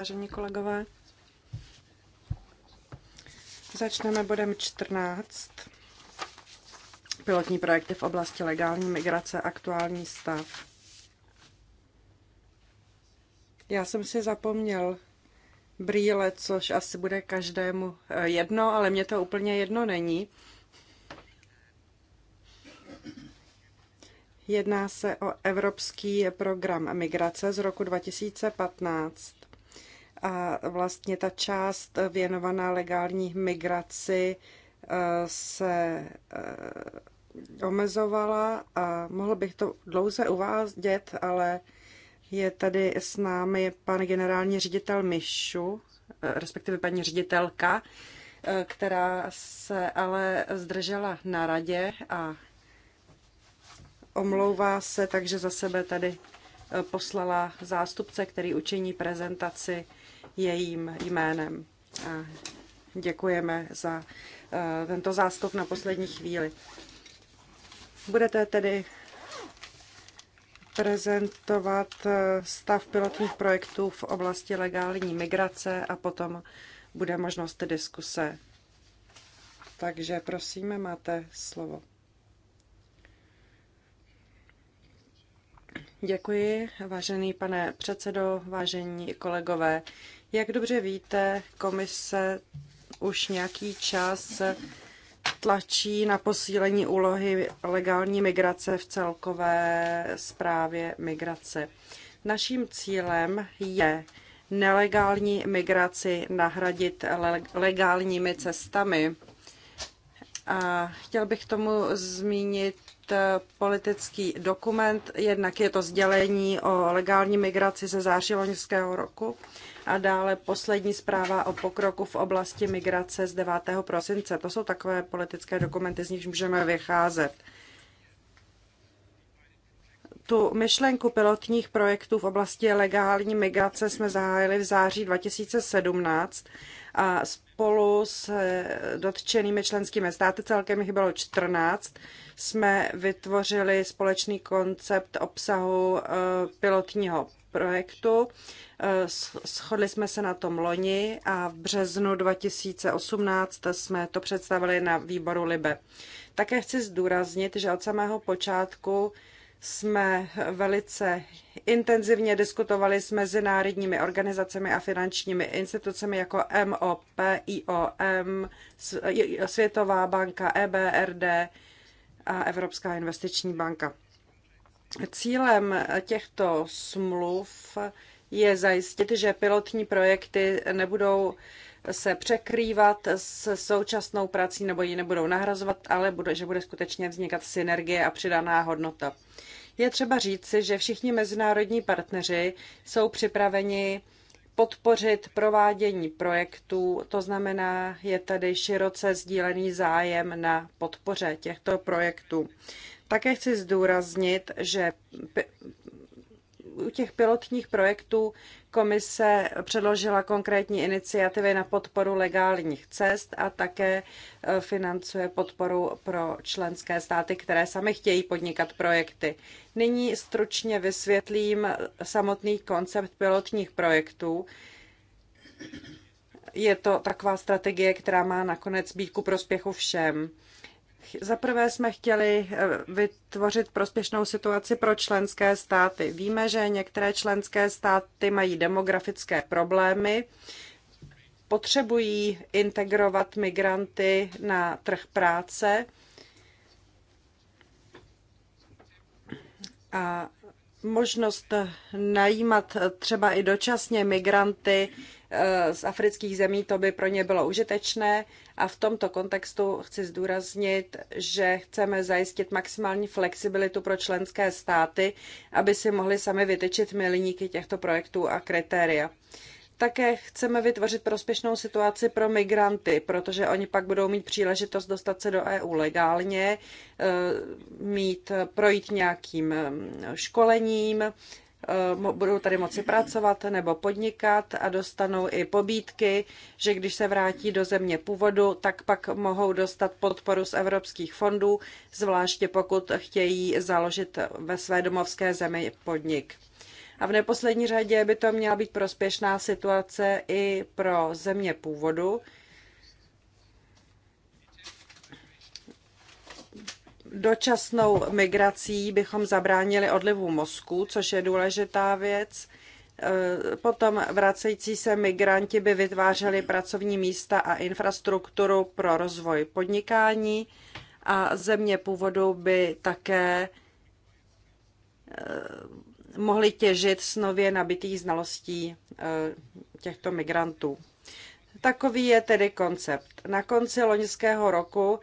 Vážení kolegové, začneme bodem 14. Pilotní projekty v oblasti legální migrace, aktuální stav. Já jsem si zapomněl brýle, což asi bude každému eh, jedno, ale mně to úplně jedno není. Jedná se o Evropský program migrace z roku 2015 a vlastně ta část věnovaná legální migraci eh, se eh, omezovala a mohl bych to dlouze uvádět, ale je tady s námi pan generální ředitel Mišu, eh, respektive paní ředitelka, která se ale zdržela na radě a omlouvá se, takže za sebe tady poslala zástupce, který učení prezentaci jejím jménem. A děkujeme za eh, tento zástup na poslední chvíli. Budete tedy prezentovat eh, stav pilotních projektů v oblasti legální migrace a potom bude možnost diskuse. Takže prosíme máte slovo. Děkuji, vážený pane předsedo, vážení kolegové. Jak dobře víte, komise už nějaký čas tlačí na posílení úlohy legální migrace v celkové zprávě migrace. Naším cílem je nelegální migraci nahradit legálními cestami. A chtěl bych tomu zmínit politický dokument. Jednak je to sdělení o legální migraci ze září loňského roku a dále poslední zpráva o pokroku v oblasti migrace z 9. prosince. To jsou takové politické dokumenty, z nichž můžeme vycházet. Tu myšlenku pilotních projektů v oblasti legální migrace jsme zahájili v září 2017 a spolu s eh, dotčenými členskými státy, celkem jich bylo 14, jsme vytvořili společný koncept obsahu eh, pilotního projektu. Eh, shodli jsme se na tom loni a v březnu 2018 jsme to představili na výboru Libe. Také chci zdůraznit, že od samého počátku jsme velice intenzivně diskutovali s mezinárodními organizacemi a finančními institucemi jako MOP, IOM, Světová banka, EBRD a Evropská investiční banka. Cílem těchto smluv je zajistit, že pilotní projekty nebudou se překrývat s současnou prací nebo ji nebudou nahrazovat, ale bude, že bude skutečně vznikat synergie a přidaná hodnota. Je třeba říci, že všichni mezinárodní partneři jsou připraveni podpořit provádění projektů, to znamená, je tady široce sdílený zájem na podpoře těchto projektů. Také chci zdůraznit, že u těch pilotních projektů komise předložila konkrétní iniciativy na podporu legálních cest a také e, financuje podporu pro členské státy, které sami chtějí podnikat projekty. Nyní stručně vysvětlím samotný koncept pilotních projektů. Je to taková strategie, která má nakonec být ku prospěchu všem. Zaprvé jsme chtěli eh, vytvořit prospěšnou situaci pro členské státy. Víme, že některé členské státy mají demografické problémy, potřebují integrovat migranty na trh práce a možnost najímat třeba i dočasně migranty Eh, z afrických zemí, to by pro ně bylo užitečné. A v tomto kontextu chci zdůraznit, že chceme zajistit maximální flexibilitu pro členské státy, aby si mohli sami vytyčit milníky těchto projektů a kritéria. Také chceme vytvořit prospěšnou situaci pro migranty, protože oni pak budou mít příležitost dostat se do EU legálně, eh, mít, projít nějakým eh, školením, Eh, budou tady moci pracovat nebo podnikat a dostanou i pobídky, že když se vrátí do země původu, tak pak mohou dostat podporu z evropských fondů, zvláště pokud chtějí založit ve své domovské zemi podnik. A v neposlední řadě by to měla být prospěšná situace i pro země původu, dočasnou migrací bychom zabránili odlivu mozku, což je důležitá věc. Eh, potom vracející se migranti by vytvářeli pracovní místa a infrastrukturu pro rozvoj podnikání a země původu by také eh, mohli těžit z nově nabitých znalostí eh, těchto migrantů. Takový je tedy koncept. Na konci loňského roku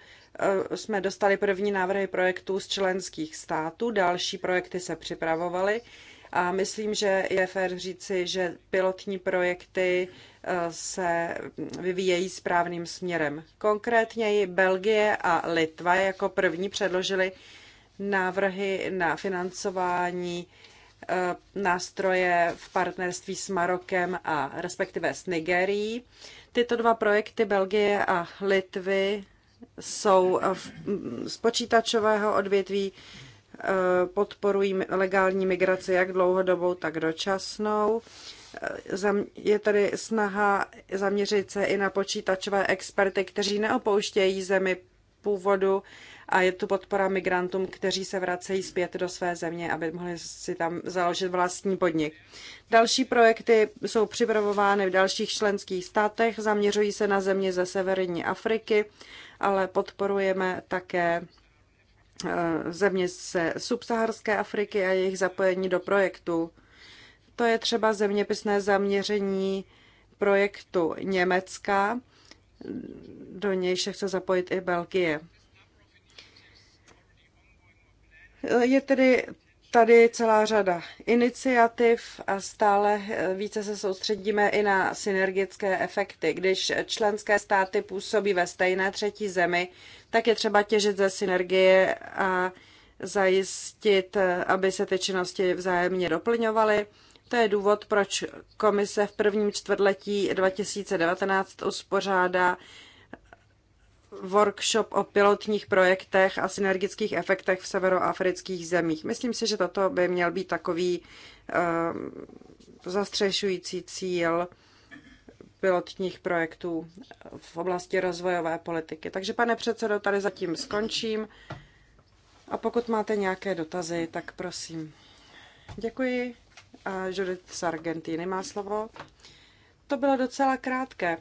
Eh, jsme dostali první návrhy projektů z členských států, další projekty se připravovaly a myslím, že je fér říci, že pilotní projekty eh, se vyvíjejí správným směrem. Konkrétně Belgie a Litva jako první předložili návrhy na financování eh, nástroje v partnerství s Marokem a respektive s Nigerií. Tyto dva projekty Belgie a Litvy jsou z počítačového odvětví, eh, podporují legální migraci jak dlouhodobou, tak dočasnou. Eh, je tady snaha zaměřit se i na počítačové experty, kteří neopouštějí zemi původu a je tu podpora migrantům, kteří se vracejí zpět do své země, aby mohli si tam založit vlastní podnik. Další projekty jsou připravovány v dalších členských státech, zaměřují se na země ze severní Afriky ale podporujeme také eh, země ze subsaharské Afriky a jejich zapojení do projektu. To je třeba zeměpisné zaměření projektu Německa, do něj se chce zapojit i Belgie. Je tedy tady celá řada iniciativ a stále eh, více se soustředíme i na synergické efekty. Když členské státy působí ve stejné třetí zemi, tak je třeba těžit ze synergie a zajistit, eh, aby se ty činnosti vzájemně doplňovaly. To je důvod, proč komise v prvním čtvrtletí 2019 uspořádá workshop o pilotních projektech a synergických efektech v severoafrických zemích. Myslím si, že toto by měl být takový uh, zastřešující cíl pilotních projektů v oblasti rozvojové politiky. Takže, pane předsedo, tady zatím skončím. A pokud máte nějaké dotazy, tak prosím. Děkuji. A Judith z Argentiny má slovo. To bylo docela krátké.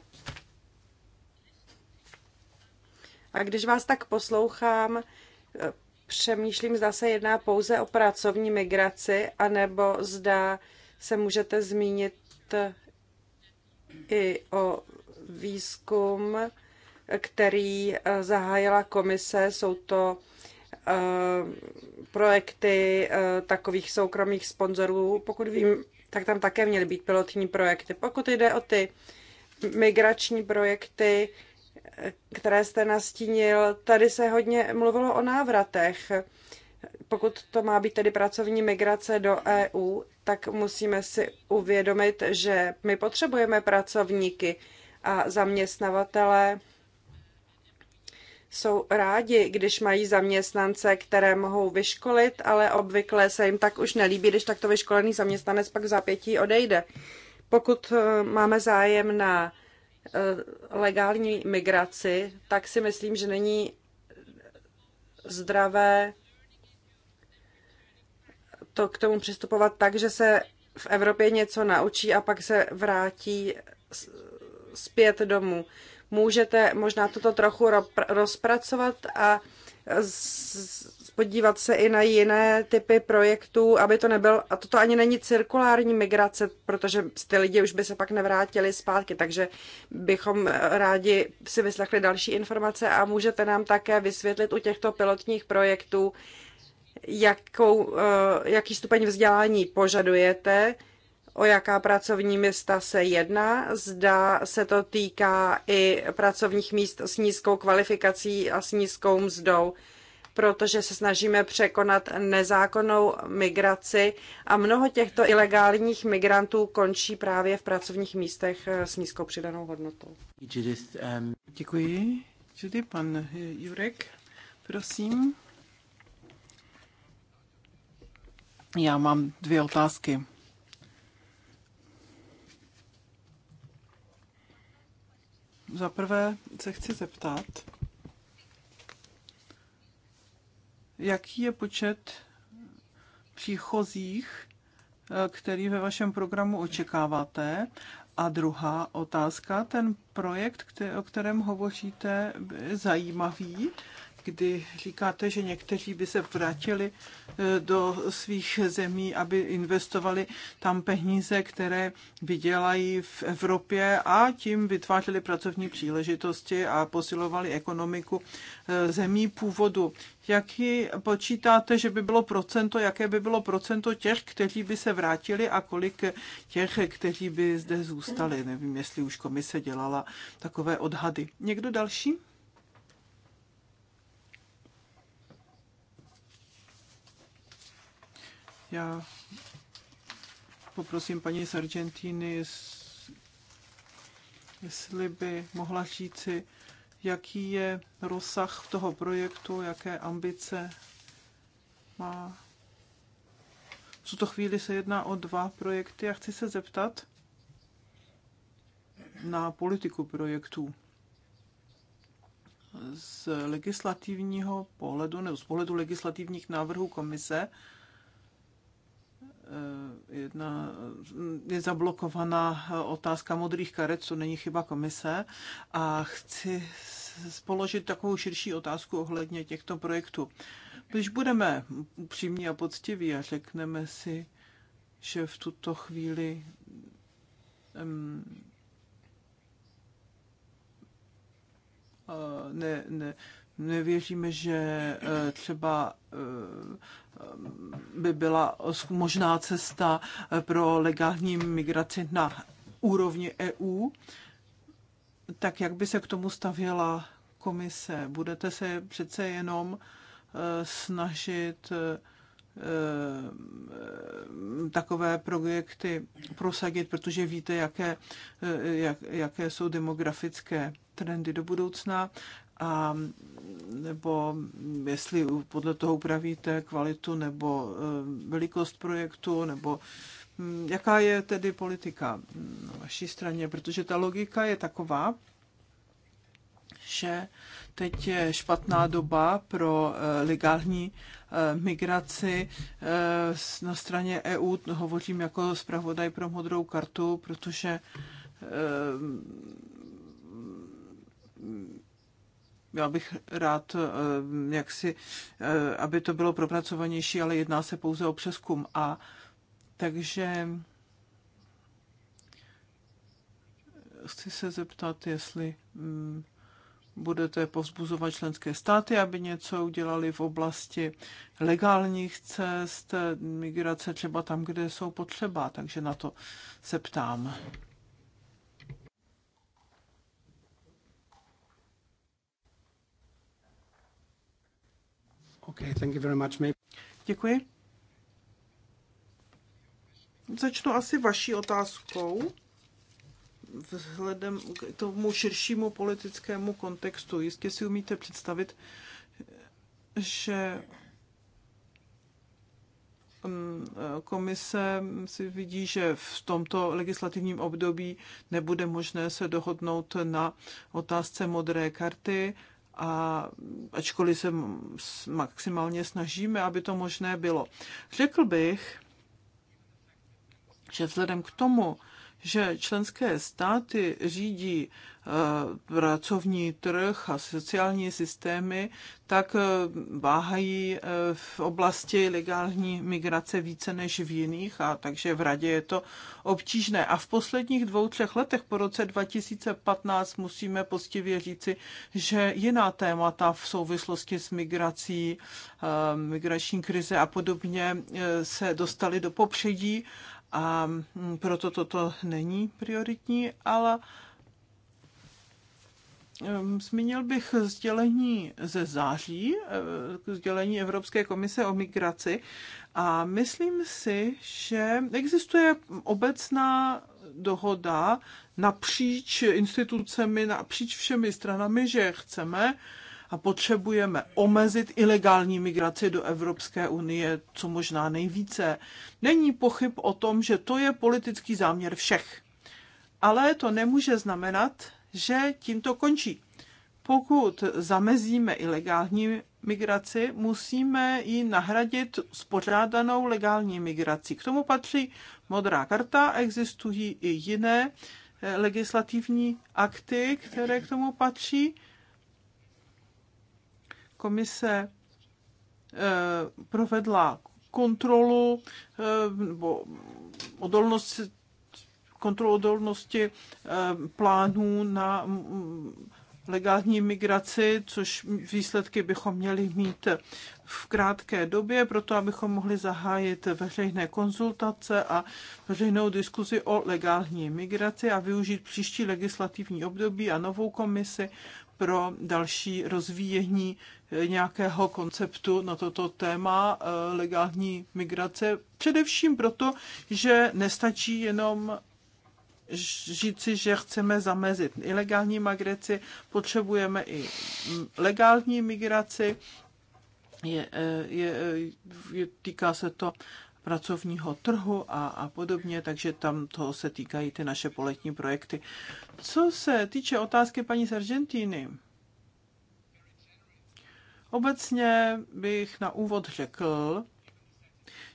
A když vás tak poslouchám, eh, přemýšlím, zda se jedná pouze o pracovní migraci, anebo zda se můžete zmínit eh, i o výzkum, který eh, zahájila komise. Jsou to projekty takových soukromých sponzorů. Pokud vím, tak tam také měly být pilotní projekty. Pokud jde o ty migrační projekty, které jste nastínil, tady se hodně mluvilo o návratech. Pokud to má být tedy pracovní migrace do EU, tak musíme si uvědomit, že my potřebujeme pracovníky a zaměstnavatele jsou rádi, když mají zaměstnance, které mohou vyškolit, ale obvykle se jim tak už nelíbí, když takto vyškolený zaměstnanec pak v zápětí odejde. Pokud eh, máme zájem na Eh, legální migraci, tak si myslím, že není zdravé to k tomu přistupovat tak, že se v Evropě něco naučí a pak se vrátí zpět domů. Můžete možná toto trochu rozpracovat a z podívat se i na jiné typy projektů, aby to nebyl, a toto ani není cirkulární migrace, protože ty lidi už by se pak nevrátili zpátky, takže bychom rádi si vyslechli další informace a můžete nám také vysvětlit u těchto pilotních projektů, jakou, eh, jaký stupeň vzdělání požadujete, o jaká pracovní místa se jedná, zda se to týká i pracovních míst s nízkou kvalifikací a s nízkou mzdou protože se snažíme překonat nezákonnou migraci a mnoho těchto ilegálních migrantů končí právě v pracovních místech eh, s nízkou přidanou hodnotou. Děkuji. Judy, pan eh, Jurek, prosím. Já mám dvě otázky. Za prvé se chci zeptat, jaký je počet příchozích, eh, který ve vašem programu očekáváte. A druhá otázka, ten projekt, o kterém hovoříte, je zajímavý kdy říkáte, že někteří by se vrátili e, do svých zemí, aby investovali tam peníze, které vydělají v Evropě a tím vytvářeli pracovní příležitosti a posilovali ekonomiku e, zemí původu. Jaký počítáte, že by bylo procento, jaké by bylo procento těch, kteří by se vrátili a kolik těch, kteří by zde zůstali? Nevím, jestli už komise dělala takové odhady. Někdo další? Já poprosím paní z Argentiny, jestli by mohla říci, jaký je rozsah toho projektu, jaké ambice má. V tuto chvíli se jedná o dva projekty. a chci se zeptat na politiku projektů. Z legislativního pohledu nebo z pohledu legislativních návrhů komise, Eh, jedna, eh, je zablokovaná eh, otázka modrých karet, co není chyba komise. A chci položit takovou širší otázku ohledně těchto projektů. Když budeme upřímní a poctiví a řekneme si, že v tuto chvíli um, ne, ne, nevěříme, že eh, třeba eh, by byla možná cesta eh, pro legální migraci na úrovni EU. Tak jak by se k tomu stavěla komise? Budete se přece jenom snažit takové projekty prosadit, protože víte, jaké, jak, jaké jsou demografické trendy do budoucna a nebo jestli podle toho upravíte kvalitu nebo eh, velikost projektu, nebo hm, jaká je tedy politika hm, na vaší straně, protože ta logika je taková, že teď je špatná doba pro eh, legální eh, migraci na straně EU. Hovořím jako zpravodaj pro modrou kartu, protože já bych rád, eh, jak si, eh, aby to bylo propracovanější, ale jedná se pouze o přeskum. A takže chci se zeptat, jestli mm, budete povzbuzovat členské státy, aby něco udělali v oblasti legálních cest, migrace třeba tam, kde jsou potřeba. Takže na to se ptám. Okay, thank you very much. Maybe... Děkuji. Začnu asi vaší otázkou vzhledem k tomu širšímu politickému kontextu. Jistě si umíte představit, že mm, komise si vidí, že v tomto legislativním období nebude možné se dohodnout na otázce modré karty a ačkoliv se maximálně snažíme, aby to možné bylo. Řekl bych, že vzhledem k tomu, že členské státy řídí eh, pracovní trh a sociální systémy, tak eh, váhají eh, v oblasti legální migrace více než v jiných, a takže v radě je to obtížné. A v posledních dvou, třech letech po roce 2015 musíme postivě říci, že jiná témata v souvislosti s migrací, migrační krize a podobně se dostaly do popředí a mm, proto toto není prioritní, ale Zmínil bych sdělení ze září, eh, sdělení Evropské komise o migraci a myslím si, že existuje obecná dohoda napříč institucemi, napříč všemi stranami, že chceme a potřebujeme omezit ilegální migraci do Evropské unie co možná nejvíce. Není pochyb o tom, že to je politický záměr všech. Ale to nemůže znamenat, že tím to končí. Pokud zamezíme ilegální migraci, musíme ji nahradit spořádanou legální migrací. K tomu patří modrá karta, existují i jiné eh, legislativní akty, které k tomu patří komise eh, provedla kontrolu eh, nebo odolnost, kontrolu odolnosti eh, plánů na mm, legální migraci, což výsledky bychom měli mít v krátké době, proto abychom mohli zahájit veřejné konzultace a veřejnou diskuzi o legální migraci a využít příští legislativní období a novou komisi pro další rozvíjení eh, nějakého konceptu na toto téma eh, legální migrace. Především proto, že nestačí jenom říci, že chceme zamezit ilegální migraci, potřebujeme i mm, legální migraci, je, eh, je, je, týká se to pracovního trhu a, a podobně, takže tam toho se týkají ty naše poletní projekty. Co se týče otázky paní z Argentíny, obecně bych na úvod řekl,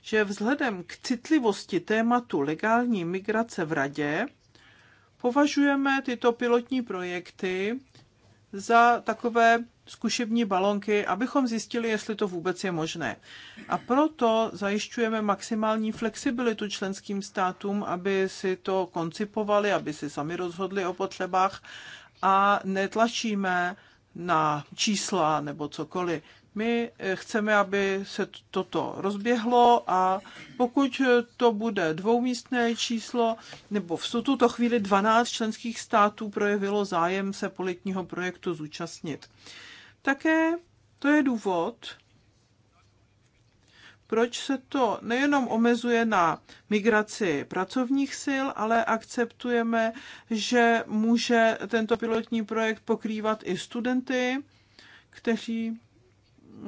že vzhledem k citlivosti tématu legální migrace v Radě považujeme tyto pilotní projekty za takové zkušební balonky, abychom zjistili, jestli to vůbec je možné. A proto zajišťujeme maximální flexibilitu členským státům, aby si to koncipovali, aby si sami rozhodli o potřebách a netlačíme na čísla nebo cokoliv. My eh, chceme, aby se toto rozběhlo a pokud eh, to bude dvoumístné číslo, nebo v tuto chvíli 12 členských států projevilo zájem se politního projektu zúčastnit. Také to je důvod, proč se to nejenom omezuje na migraci pracovních sil, ale akceptujeme, že může tento pilotní projekt pokrývat i studenty, kteří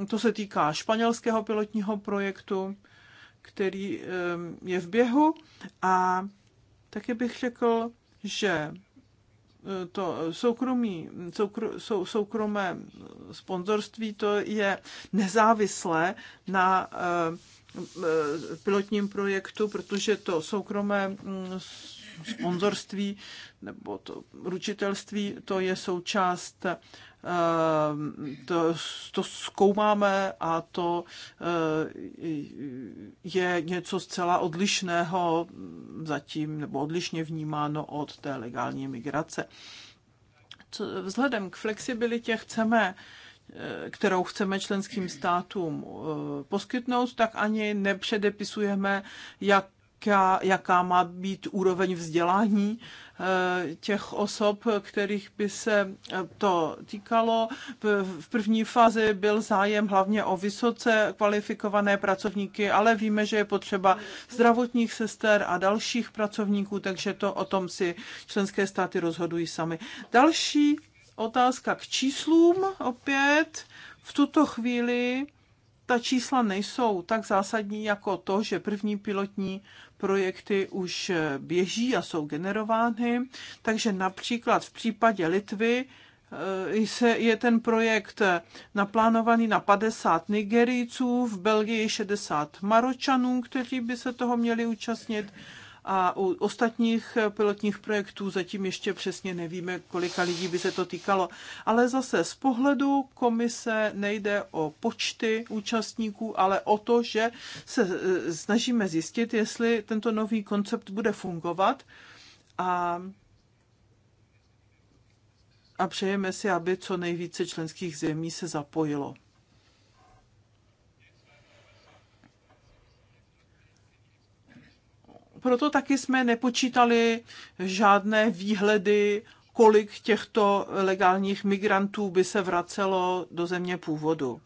to se týká španělského pilotního projektu, který je v běhu a taky bych řekl, že e, to soukromí, soukr, sou, soukromé sponzorství to je nezávislé na e, e, pilotním projektu, protože to soukromé mm, sponzorství nebo to ručitelství, to je součást Ehm, to, to zkoumáme a to eh, je něco zcela odlišného zatím, nebo odlišně vnímáno od té legální migrace. Co, vzhledem k flexibilitě chceme eh, kterou chceme členským státům eh, poskytnout, tak ani nepředepisujeme, jak jaká, jaká má být úroveň vzdělání eh, těch osob, kterých by se eh, to týkalo. V první fázi byl zájem hlavně o vysoce kvalifikované pracovníky, ale víme, že je potřeba zdravotních sester a dalších pracovníků, takže to o tom si členské státy rozhodují sami. Další otázka k číslům opět. V tuto chvíli ta čísla nejsou tak zásadní jako to, že první pilotní projekty už běží a jsou generovány, takže například v případě Litvy eh, se, je ten projekt naplánovaný na 50 Nigerijců, v Belgii 60 Maročanů, kteří by se toho měli účastnit a u ostatních pilotních projektů zatím ještě přesně nevíme, kolika lidí by se to týkalo. Ale zase z pohledu komise nejde o počty účastníků, ale o to, že se e, snažíme zjistit, jestli tento nový koncept bude fungovat a a přejeme si, aby co nejvíce členských zemí se zapojilo. proto taky jsme nepočítali žádné výhledy, kolik těchto legálních migrantů by se vracelo do země původu.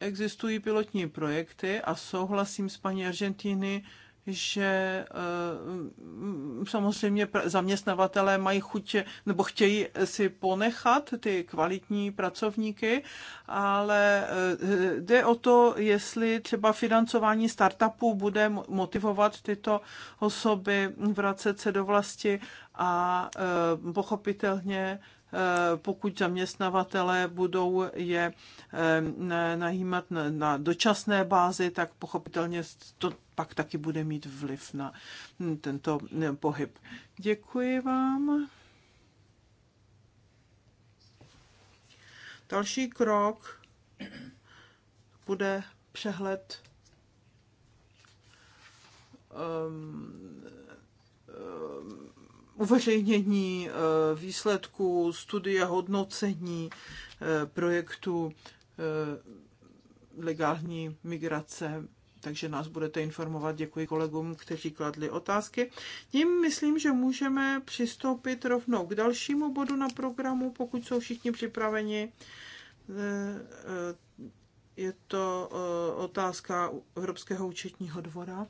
Existují pilotní projekty a souhlasím s paní Argentíny, že eh, samozřejmě zaměstnavatelé mají chuť nebo chtějí si ponechat ty kvalitní pracovníky, ale eh, jde o to, jestli třeba financování startupů bude motivovat tyto osoby vracet se do vlasti a eh, pochopitelně pokud zaměstnavatelé budou je najímat na dočasné bázi, tak pochopitelně to pak taky bude mít vliv na hm, tento hm, pohyb. Děkuji vám. Další krok bude přehled um, um, uveřejnění uh, výsledků studie hodnocení uh, projektu uh, legální migrace takže nás budete informovat. Děkuji kolegům, kteří kladli otázky. Tím myslím, že můžeme přistoupit rovnou k dalšímu bodu na programu, pokud jsou všichni připraveni. Eh, eh, je to eh, otázka Evropského účetního dvora.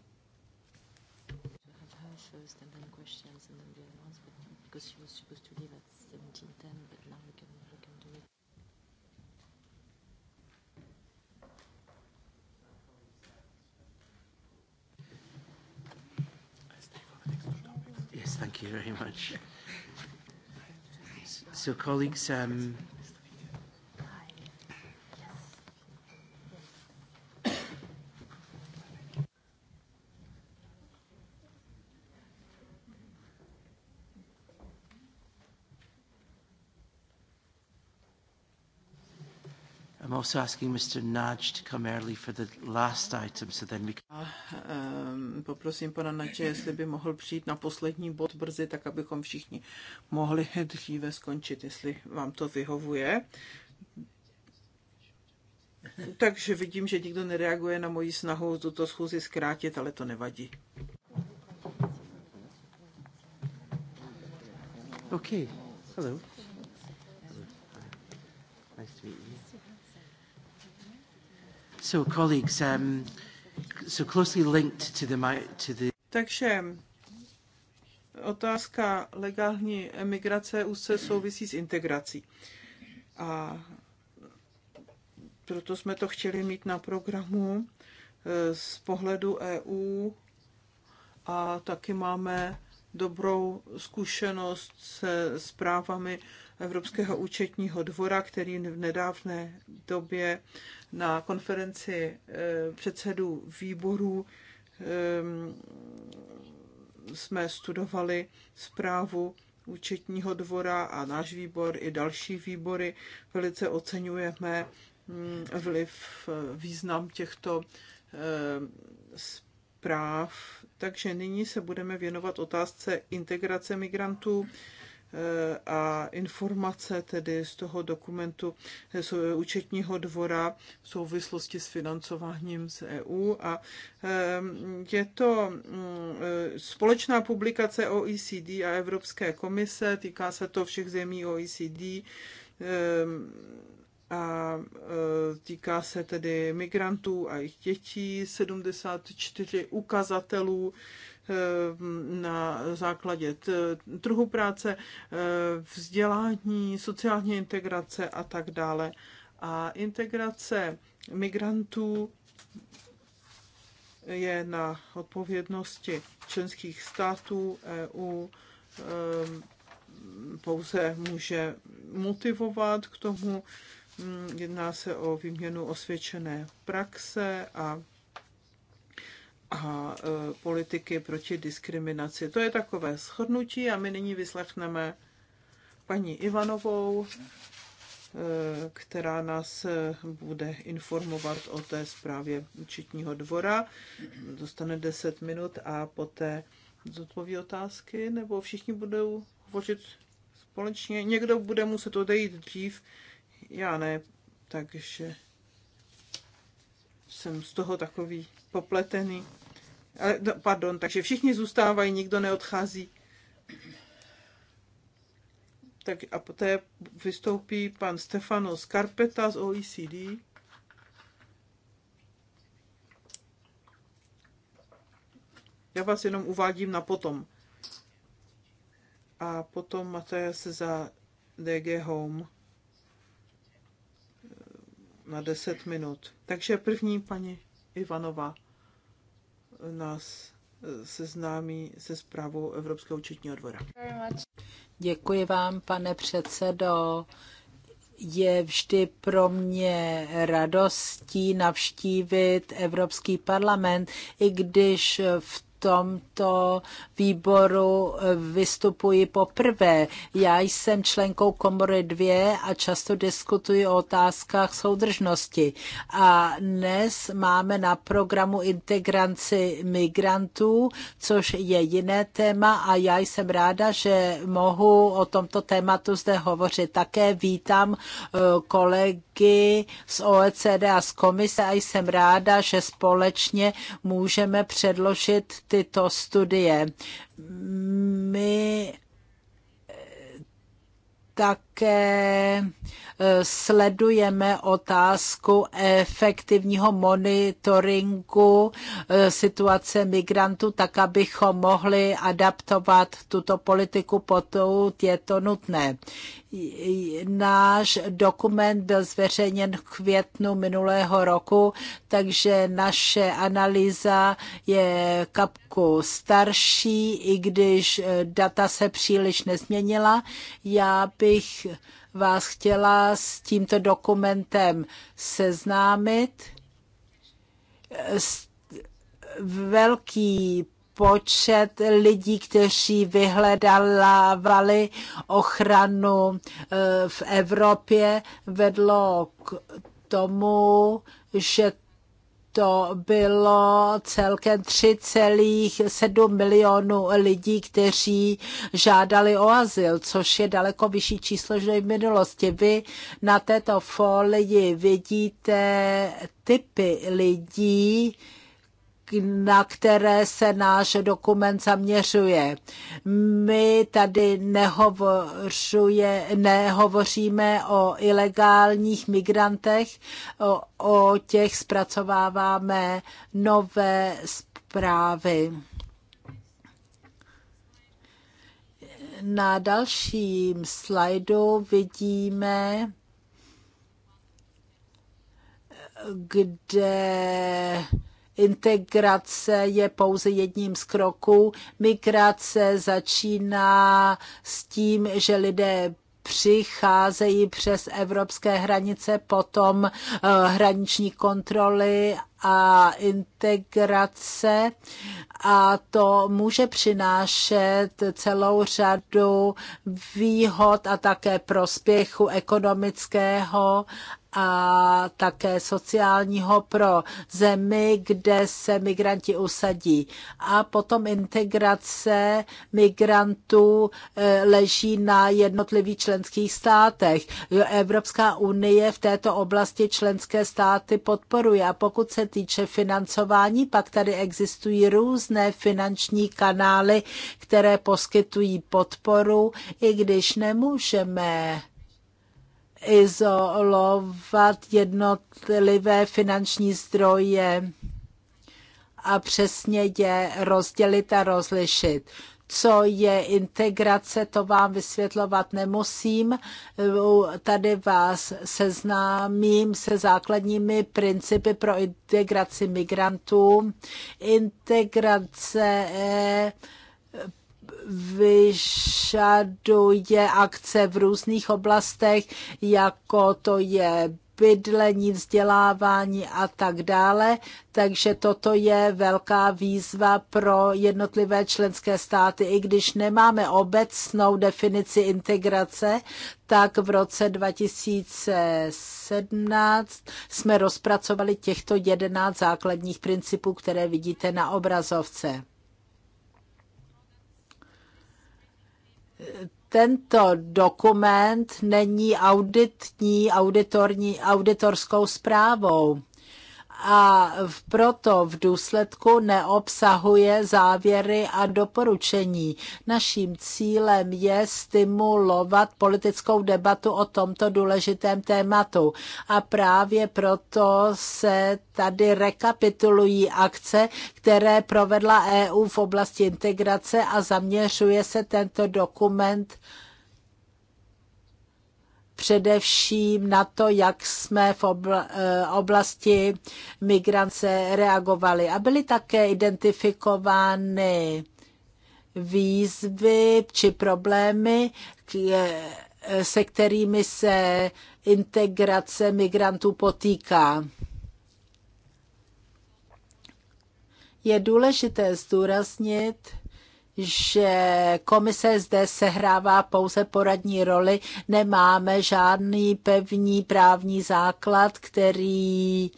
because she was supposed to leave at 17.10. Thank you very much. So, colleagues, um, I'm also asking Mr. Nudge to come early for the last item, so then we can... Um, poprosím pana Nudge, jestli by mohl přijít na poslední bod brzy, tak abychom všichni mohli dříve skončit, jestli vám to vyhovuje. Takže vidím, že nikdo nereaguje na moji snahu tuto schůzi zkrátit, ale to nevadí. Okay. Hello. Nice to meet you. So, colleagues, um, so closely linked to the, to the... Takže otázka legální emigrace úzce souvisí s integrací. A proto jsme to chtěli mít na programu e, z pohledu EU a taky máme dobrou zkušenost se zprávami Evropského účetního dvora, který v nedávné době na konferenci eh, předsedů výborů eh, jsme studovali zprávu účetního dvora a náš výbor i další výbory velice oceňujeme mm, vliv, eh, význam těchto zpráv. Takže nyní se budeme věnovat otázce integrace migrantů Eh, a informace tedy z toho dokumentu eh, z eh, účetního dvora v souvislosti s financováním z EU a je to mm, společná publikace OECD a Evropské komise, týká se to všech zemí OECD a týká se tedy migrantů a jejich dětí, 74 ukazatelů Eh, na základě trhu práce, eh, vzdělání, sociální integrace a tak dále. A integrace migrantů je na odpovědnosti členských států EU eh, pouze může motivovat k tomu. Mm, jedná se o výměnu osvědčené praxe a a e, politiky proti diskriminaci. To je takové shodnutí a my nyní vyslechneme paní Ivanovou, e, která nás e, bude informovat o té zprávě Učitního dvora. Dostane 10 minut a poté zodpoví otázky, nebo všichni budou hovořit společně. Někdo bude muset odejít dřív, já ne, takže jsem z toho takový popletený. Eh, no, pardon, takže všichni zůstávají, nikdo neodchází. Tak a poté vystoupí pan Stefano Scarpeta z OECD. Já vás jenom uvádím na potom. A potom Matejas za DG Home eh, na 10 minut. Takže první paní Ivanová nás eh, seznámí se zprávou Evropského účetního dvora. Děkuji vám, pane předsedo. Je vždy pro mě radostí navštívit Evropský parlament, i když v tomto výboru eh, vystupuji poprvé. Já jsem členkou komory dvě a často diskutuji o otázkách soudržnosti. A dnes máme na programu integranci migrantů, což je jiné téma a já jsem ráda, že mohu o tomto tématu zde hovořit. Také vítám eh, kolegy kolegy z OECD a z komise a jsem ráda, že společně můžeme předložit tyto studie. My také eh, sledujeme otázku efektivního monitoringu eh, situace migrantů, tak abychom mohli adaptovat tuto politiku, pokud je to nutné. Náš dokument byl zveřejněn v květnu minulého roku, takže naše analýza je kapku starší, i když eh, data se příliš nezměnila. Já bych bych vás chtěla s tímto dokumentem seznámit. Velký počet lidí, kteří vyhledávali ochranu eh, v Evropě, vedlo k tomu, že to bylo celkem 3,7 milionů lidí, kteří žádali o azyl, což je daleko vyšší číslo, než v minulosti. Vy na této folii vidíte typy lidí, na které se náš dokument zaměřuje. My tady nehovořuje, nehovoříme o ilegálních migrantech, o, o těch zpracováváme nové zprávy. Na dalším slajdu vidíme, kde Integrace je pouze jedním z kroků. Migrace začíná s tím, že lidé přicházejí přes evropské hranice, potom eh, hraniční kontroly a integrace a to může přinášet celou řadu výhod a také prospěchu ekonomického a také sociálního pro zemi, kde se migranti usadí. A potom integrace migrantů e, leží na jednotlivých členských státech. Evropská unie v této oblasti členské státy podporuje. A pokud se týče financování, pak tady existují různé finanční kanály, které poskytují podporu, i když nemůžeme izolovat jednotlivé finanční zdroje a přesně je rozdělit a rozlišit. Co je integrace, to vám vysvětlovat nemusím. Tady vás seznámím se základními principy pro integraci migrantů. Integrace vyžaduje akce v různých oblastech, jako to je bydlení, vzdělávání a tak dále. Takže toto je velká výzva pro jednotlivé členské státy. I když nemáme obecnou definici integrace, tak v roce 2017 jsme rozpracovali těchto 11 základních principů, které vidíte na obrazovce. tento dokument není auditní, auditorní, auditorskou zprávou a proto v důsledku neobsahuje závěry a doporučení. Naším cílem je stimulovat politickou debatu o tomto důležitém tématu a právě proto se tady rekapitulují akce, které provedla EU v oblasti integrace a zaměřuje se tento dokument především na to, jak jsme v eh, oblasti migrance reagovali. A byly také identifikovány výzvy či problémy, eh, se kterými se integrace migrantů potýká. Je důležité zdůraznit, že komise zde sehrává pouze poradní roli, nemáme žádný pevný právní základ, který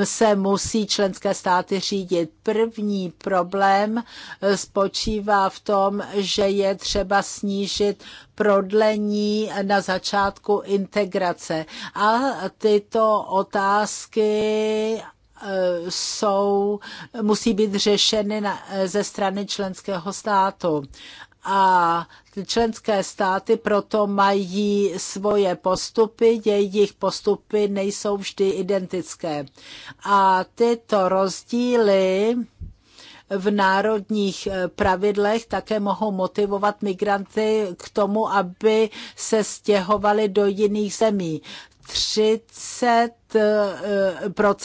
eh, se musí členské státy řídit. První problém eh, spočívá v tom, že je třeba snížit prodlení na začátku integrace. A tyto otázky Eh, jsou, musí být řešeny na, eh, ze strany členského státu. A členské státy proto mají svoje postupy, jejich postupy nejsou vždy identické. A tyto rozdíly v národních eh, pravidlech také mohou motivovat migranty k tomu, aby se stěhovali do jiných zemí. 30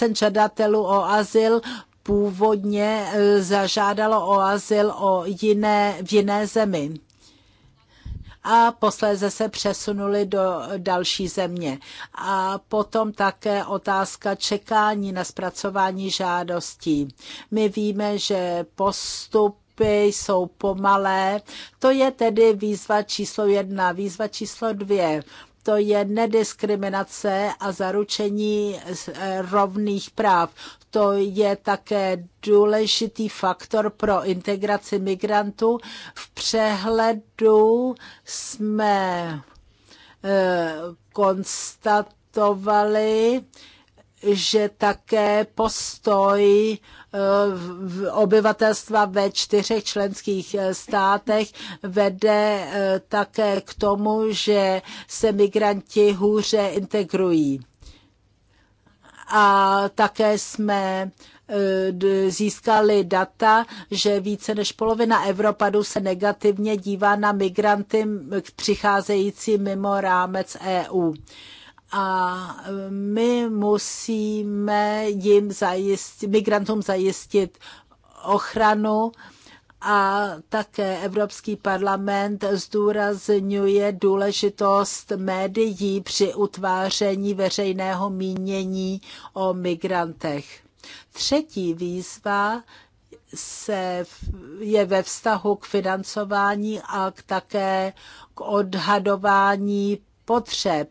eh, žadatelů o azyl původně eh, zažádalo o azyl o jiné, v jiné zemi a posléze se přesunuli do další země. A potom také otázka čekání na zpracování žádostí. My víme, že postup jsou pomalé. To je tedy výzva číslo jedna. Výzva číslo dvě to je nediskriminace a zaručení eh, rovných práv. To je také důležitý faktor pro integraci migrantů. V přehledu jsme eh, konstatovali, že také postoj eh, obyvatelstva ve čtyřech členských eh, státech vede eh, také k tomu, že se migranti hůře integrují. A také jsme získali data, že více než polovina Evropadu se negativně dívá na migranty přicházející mimo rámec EU a eh, my musíme jim zajistit, migrantům zajistit ochranu a také Evropský parlament zdůrazňuje důležitost médií při utváření veřejného mínění o migrantech. Třetí výzva se je ve vztahu k financování a k také k odhadování potřeb.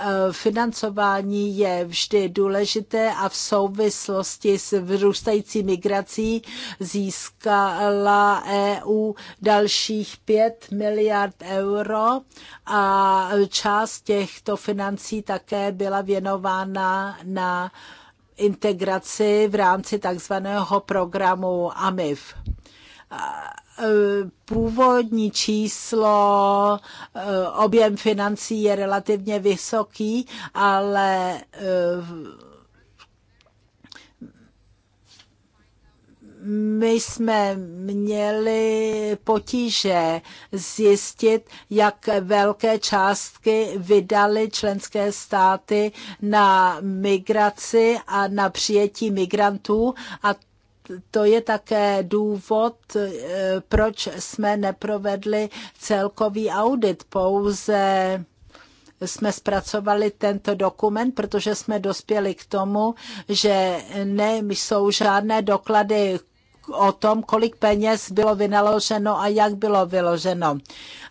Eh, financování je vždy důležité a v souvislosti s vyrůstající migrací získala EU dalších 5 miliard euro a část těchto financí také byla věnována na integraci v rámci takzvaného programu AMIF eh, původní číslo, eh, objem financí je relativně vysoký, ale eh, my jsme měli potíže zjistit, jak velké částky vydaly členské státy na migraci a na přijetí migrantů a to je také důvod, eh, proč jsme neprovedli celkový audit. Pouze jsme zpracovali tento dokument, protože jsme dospěli k tomu, že nejsou žádné doklady o tom, kolik peněz bylo vynaloženo a jak bylo vyloženo.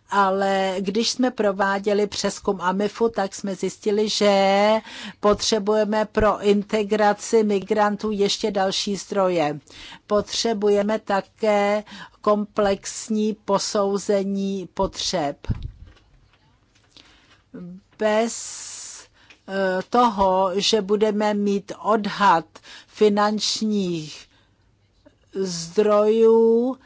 Ale když jsme prováděli přeskum AMIFu, tak jsme zjistili, že potřebujeme pro integraci migrantů ještě další zdroje. Potřebujeme také komplexní posouzení potřeb. Bez eh, toho, že budeme mít odhad finančních zdrojů,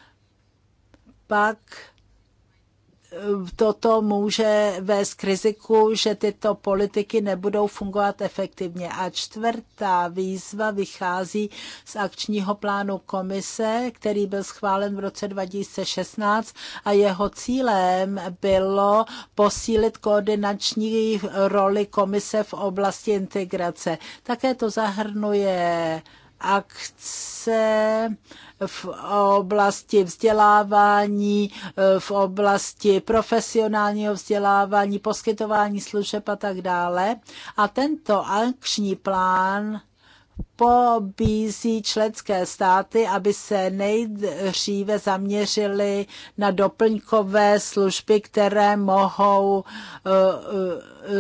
pak eh, toto může vést k riziku, že tyto politiky nebudou fungovat efektivně. A čtvrtá výzva vychází z akčního plánu komise, který byl schválen v roce 2016 a jeho cílem bylo posílit koordinační roli komise v oblasti integrace. Také to zahrnuje akce v oblasti vzdělávání, v oblasti profesionálního vzdělávání, poskytování služeb a tak dále. A tento akční plán pobízí členské státy, aby se nejdříve zaměřili na doplňkové služby, které mohou eh,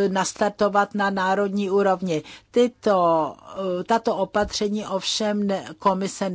eh, nastartovat na národní úrovni. Tyto, eh, tato opatření ovšem ne, komise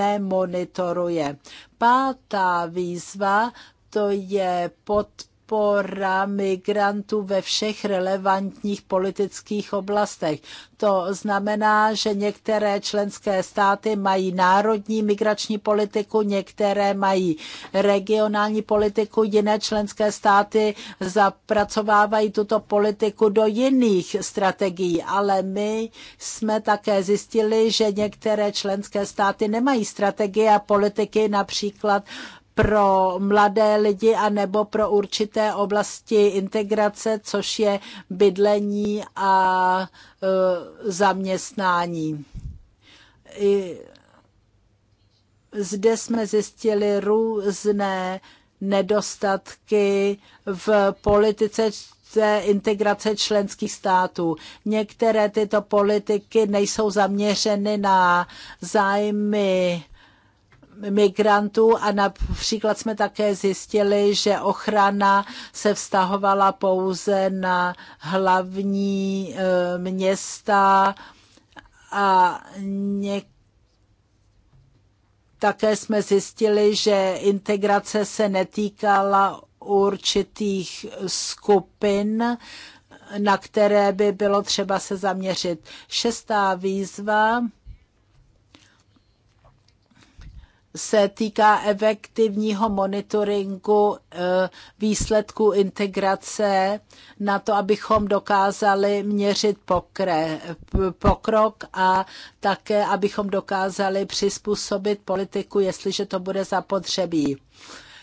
nemonitoruje. Pátá výzva to je podpora podpora migrantů ve všech relevantních politických oblastech. To znamená, že některé členské státy mají národní migrační politiku, některé mají regionální politiku, jiné členské státy zapracovávají tuto politiku do jiných strategií, ale my jsme také zjistili, že některé členské státy nemají strategie a politiky například pro mladé lidi a nebo pro určité oblasti integrace, což je bydlení a e, zaměstnání. Zde jsme zjistili různé nedostatky v politice integrace členských států. Některé tyto politiky nejsou zaměřeny na zájmy migrantů a například jsme také zjistili, že ochrana se vztahovala pouze na hlavní e, města a něk také jsme zjistili, že integrace se netýkala určitých skupin, na které by bylo třeba se zaměřit. Šestá výzva se týká efektivního monitoringu eh, výsledků integrace na to, abychom dokázali měřit pokre, pokrok a také, abychom dokázali přizpůsobit politiku, jestliže to bude zapotřebí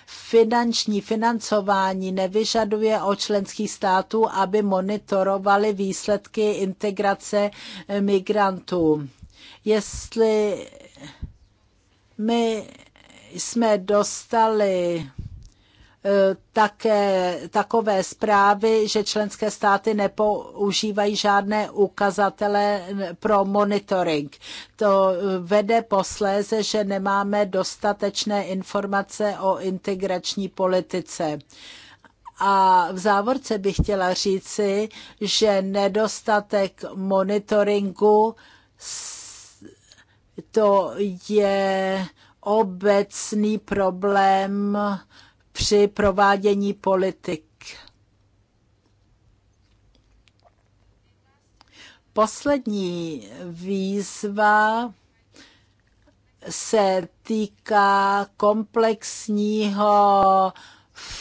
finanční financování nevyžaduje od členských států, aby monitorovali výsledky integrace migrantů. Jestli my jsme dostali eh, také takové zprávy, že členské státy nepoužívají žádné ukazatele pro monitoring. To eh, vede posléze, že nemáme dostatečné informace o integrační politice. A v závorce bych chtěla říci, že nedostatek monitoringu to je obecný problém při provádění politik. Poslední výzva se týká komplexního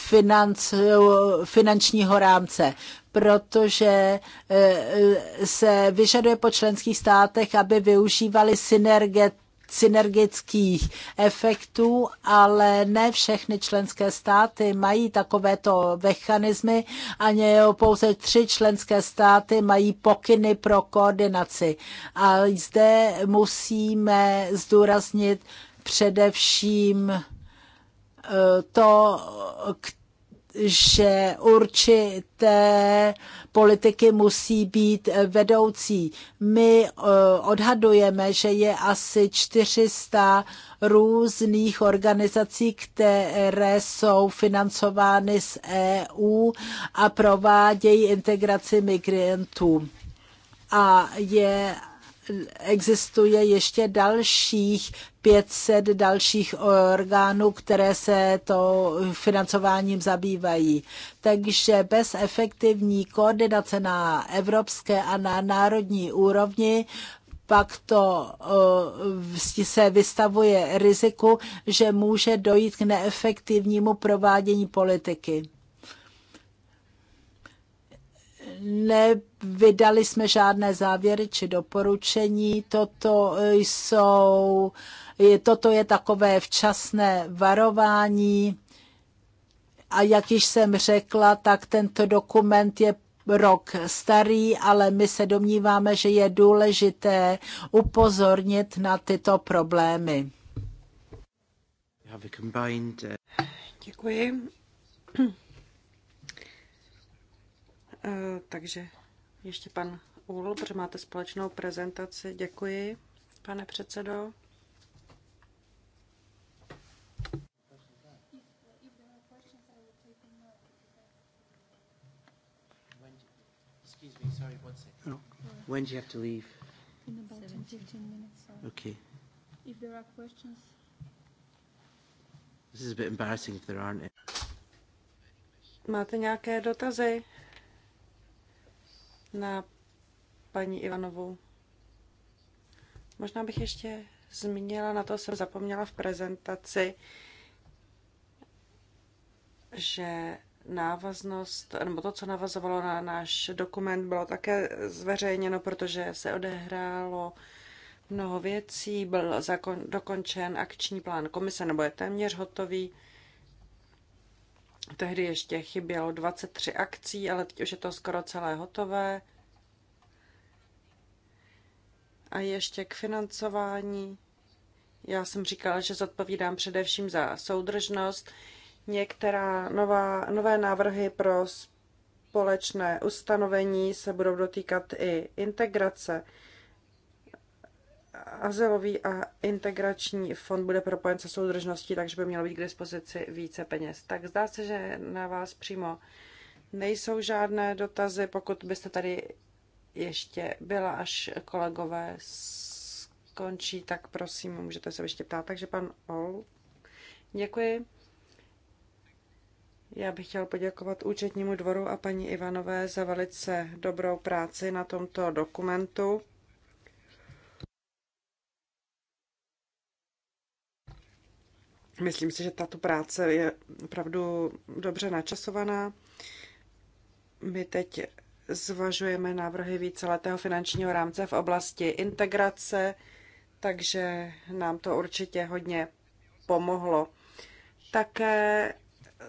financ, finančního rámce, protože e, e, se vyžaduje po členských státech, aby využívali synergie synergických efektů, ale ne všechny členské státy mají takovéto mechanismy, ani pouze tři členské státy mají pokyny pro koordinaci. A zde musíme zdůraznit především to, že určité politiky musí být vedoucí. My eh, odhadujeme, že je asi 400 různých organizací, které jsou financovány z EU a provádějí integraci migrantů. A je existuje ještě dalších 500 dalších orgánů, které se to financováním zabývají. Takže bez efektivní koordinace na evropské a na národní úrovni pak to eh, se vystavuje riziku, že může dojít k neefektivnímu provádění politiky nevydali jsme žádné závěry či doporučení. Toto, jsou, toto je takové včasné varování. A jak již jsem řekla, tak tento dokument je rok starý, ale my se domníváme, že je důležité upozornit na tyto problémy. Uh, Děkuji. Eh, takže ještě pan Úl, protože máte společnou prezentaci. Děkuji, pane předsedo. No. When do you have to leave? In about 10, 15 minutes. So okay. If there are questions. This is a bit embarrassing if there aren't any. Máte nějaké dotazy? na paní Ivanovu. Možná bych ještě zmínila, na to jsem zapomněla v prezentaci, že návaznost, nebo to, co navazovalo na náš dokument, bylo také zveřejněno, protože se odehrálo mnoho věcí, byl zakon, dokončen akční plán komise, nebo je téměř hotový. Tehdy ještě chybělo 23 akcí, ale teď už je to skoro celé hotové. A ještě k financování. Já jsem říkala, že zodpovídám především za soudržnost. Některá nová, nové návrhy pro společné ustanovení se budou dotýkat i integrace. Azylový a integrační fond bude propojen se soudržností, takže by mělo být k dispozici více peněz. Tak zdá se, že na vás přímo nejsou žádné dotazy, pokud byste tady ještě byla, až kolegové skončí, tak prosím, můžete se ještě ptát. Takže pan Ol, děkuji. Já bych chtěl poděkovat účetnímu dvoru a paní Ivanové za velice dobrou práci na tomto dokumentu. Myslím si, že tato práce je opravdu dobře načasovaná. My teď zvažujeme návrhy víceletého finančního rámce v oblasti integrace, takže nám to určitě hodně pomohlo. Také eh,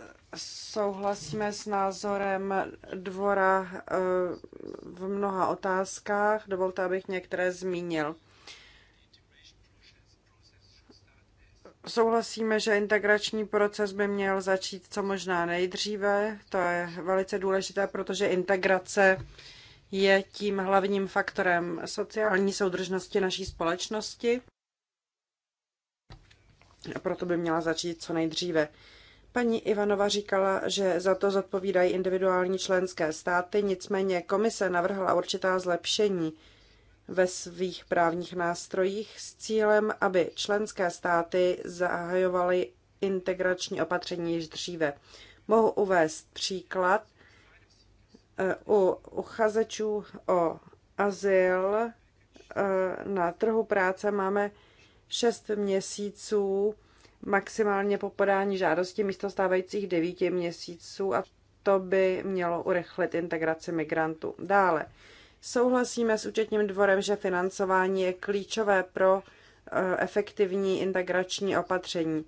souhlasíme s názorem dvora eh, v mnoha otázkách. Dovolte, abych některé zmínil. souhlasíme, že integrační proces by měl začít co možná nejdříve. To je velice důležité, protože integrace je tím hlavním faktorem sociální soudržnosti naší společnosti. A proto by měla začít co nejdříve. Paní Ivanova říkala, že za to zodpovídají individuální členské státy, nicméně komise navrhla určitá zlepšení ve svých právních nástrojích s cílem, aby členské státy zahajovaly integrační opatření již dříve. Mohu uvést příklad. Eh, u uchazečů o azyl eh, na trhu práce máme 6 měsíců maximálně po podání žádosti místo stávajících 9 měsíců a to by mělo urychlit integraci migrantů. Dále, Souhlasíme s účetním dvorem, že financování je klíčové pro eh, efektivní integrační opatření.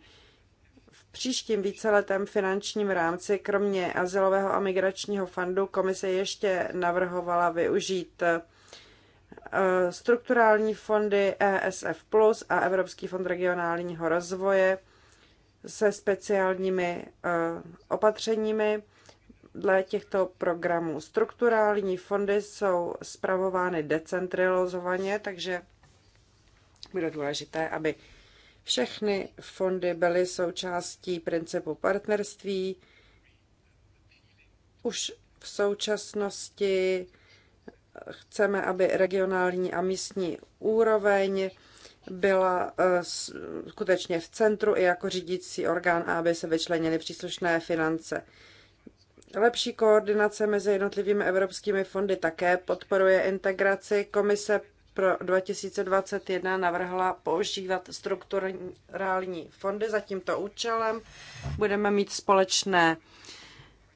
V příštím víceletém finančním rámci, kromě azylového a migračního fondu, komise ještě navrhovala využít eh, strukturální fondy ESF Plus a Evropský fond regionálního rozvoje se speciálními eh, opatřeními dle těchto programů. Strukturální fondy jsou zpravovány decentralizovaně, takže bude důležité, aby všechny fondy byly součástí principu partnerství. Už v současnosti chceme, aby regionální a místní úroveň byla eh, skutečně v centru i jako řídící orgán, aby se vyčlenily příslušné finance. Lepší koordinace mezi jednotlivými evropskými fondy také podporuje integraci. Komise pro 2021 navrhla používat strukturální fondy za tímto účelem. Budeme mít společné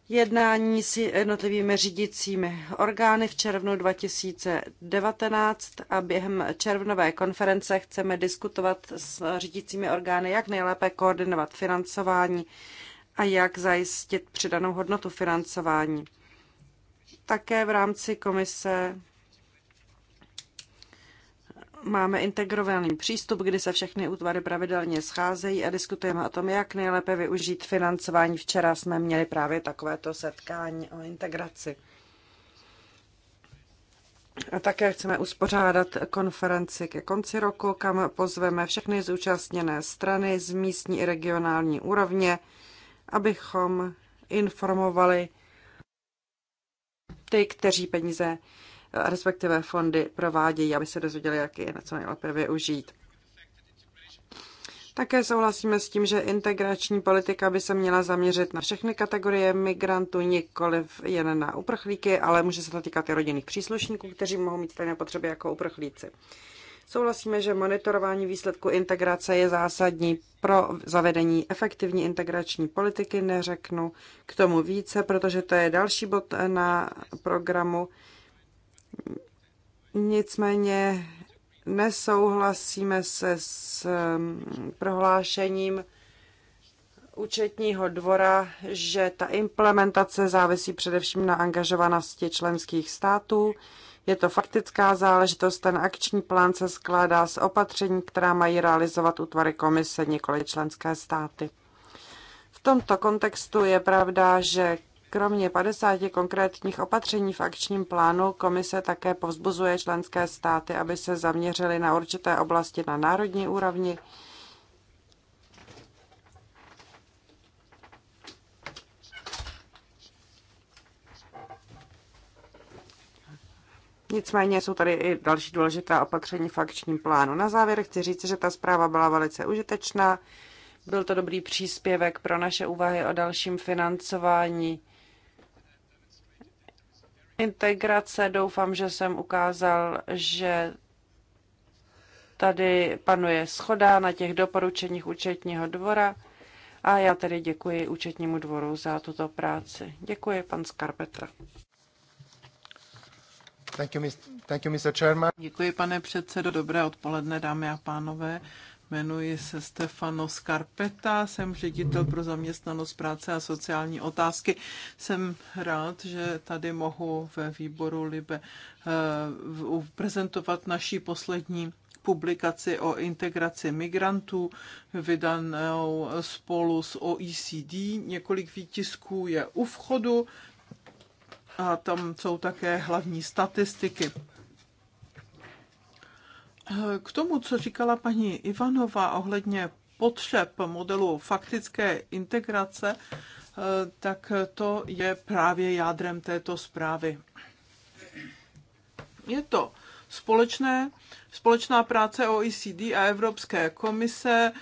jednání s jednotlivými řídícími orgány v červnu 2019 a během červnové konference chceme diskutovat s řídícími orgány, jak nejlépe koordinovat financování a jak zajistit přidanou hodnotu financování. Také v rámci komise máme integrovaný přístup, kdy se všechny útvary pravidelně scházejí a diskutujeme o tom, jak nejlépe využít financování. Včera jsme měli právě takovéto setkání o integraci. A také chceme uspořádat konferenci ke konci roku, kam pozveme všechny zúčastněné strany z místní i regionální úrovně abychom informovali ty, kteří peníze, respektive fondy provádějí, aby se dozvěděli, jak je na co nejlépe využít. Také souhlasíme s tím, že integrační politika by se měla zaměřit na všechny kategorie migrantů, nikoliv jen na uprchlíky, ale může se to týkat i rodinných příslušníků, kteří mohou mít stejné potřeby jako uprchlíci. Souhlasíme, že monitorování výsledku integrace je zásadní pro zavedení efektivní integrační politiky. Neřeknu k tomu více, protože to je další bod na programu. Nicméně nesouhlasíme se s um, prohlášením účetního dvora, že ta implementace závisí především na angažovanosti členských států. Je to faktická záležitost, ten akční plán se skládá z opatření, která mají realizovat útvary komise, nikoli členské státy. V tomto kontextu je pravda, že kromě 50 konkrétních opatření v akčním plánu komise také povzbuzuje členské státy, aby se zaměřily na určité oblasti na národní úrovni, Nicméně jsou tady i další důležitá opatření v akčním plánu. Na závěr chci říct, že ta zpráva byla velice užitečná. Byl to dobrý příspěvek pro naše úvahy o dalším financování integrace. Doufám, že jsem ukázal, že tady panuje schoda na těch doporučeních účetního dvora. A já tedy děkuji účetnímu dvoru za tuto práci. Děkuji, pan Skarpetra. Děkuji, pane předsedo. Dobré odpoledne, dámy a pánové. Jmenuji se Stefano Scarpetta. jsem ředitel pro zaměstnanost práce a sociální otázky. Jsem rád, že tady mohu ve výboru Libe eh, prezentovat naší poslední publikaci o integraci migrantů, vydanou spolu s OECD. Několik výtisků je u vchodu a tam jsou také hlavní statistiky. K tomu, co říkala paní Ivanová ohledně potřeb modelu faktické integrace, tak to je právě jádrem této zprávy. Je to společné, společná práce OECD a Evropské komise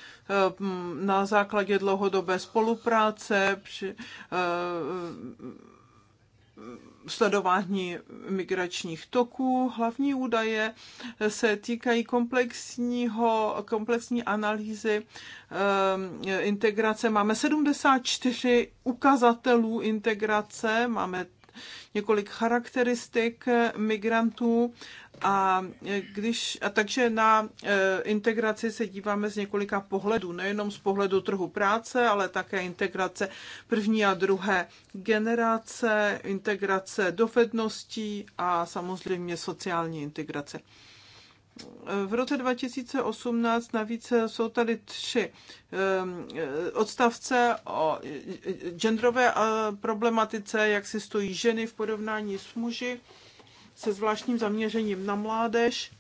na základě dlouhodobé spolupráce při, sledování migračních toků. Hlavní údaje se týkají komplexního, komplexní analýzy eh, integrace. Máme 74 ukazatelů integrace, máme několik charakteristik migrantů a, když, a takže na e, integraci se díváme z několika pohledů, nejenom z pohledu trhu práce, ale také integrace první a druhé generace, integrace dovedností a samozřejmě sociální integrace v roce 2018 navíc eh, jsou tady tři ehm, eh, odstavce o eh, genderové problematice, jak si stojí ženy v porovnání s muži, se zvláštním zaměřením na mládež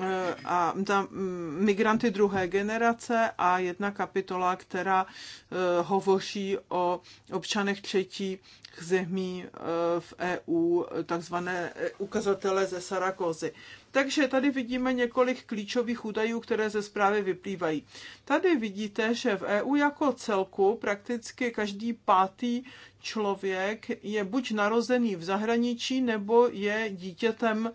Eh, a ta mm, migranty druhé generace a jedna kapitola, která eh, hovoří o občanech třetí zemí eh, v EU, takzvané ukazatele ze Sarakozy. Takže tady vidíme několik klíčových údajů, které ze zprávy vyplývají. Tady vidíte, že v EU jako celku prakticky každý pátý člověk je buď narozený v zahraničí, nebo je dítětem e,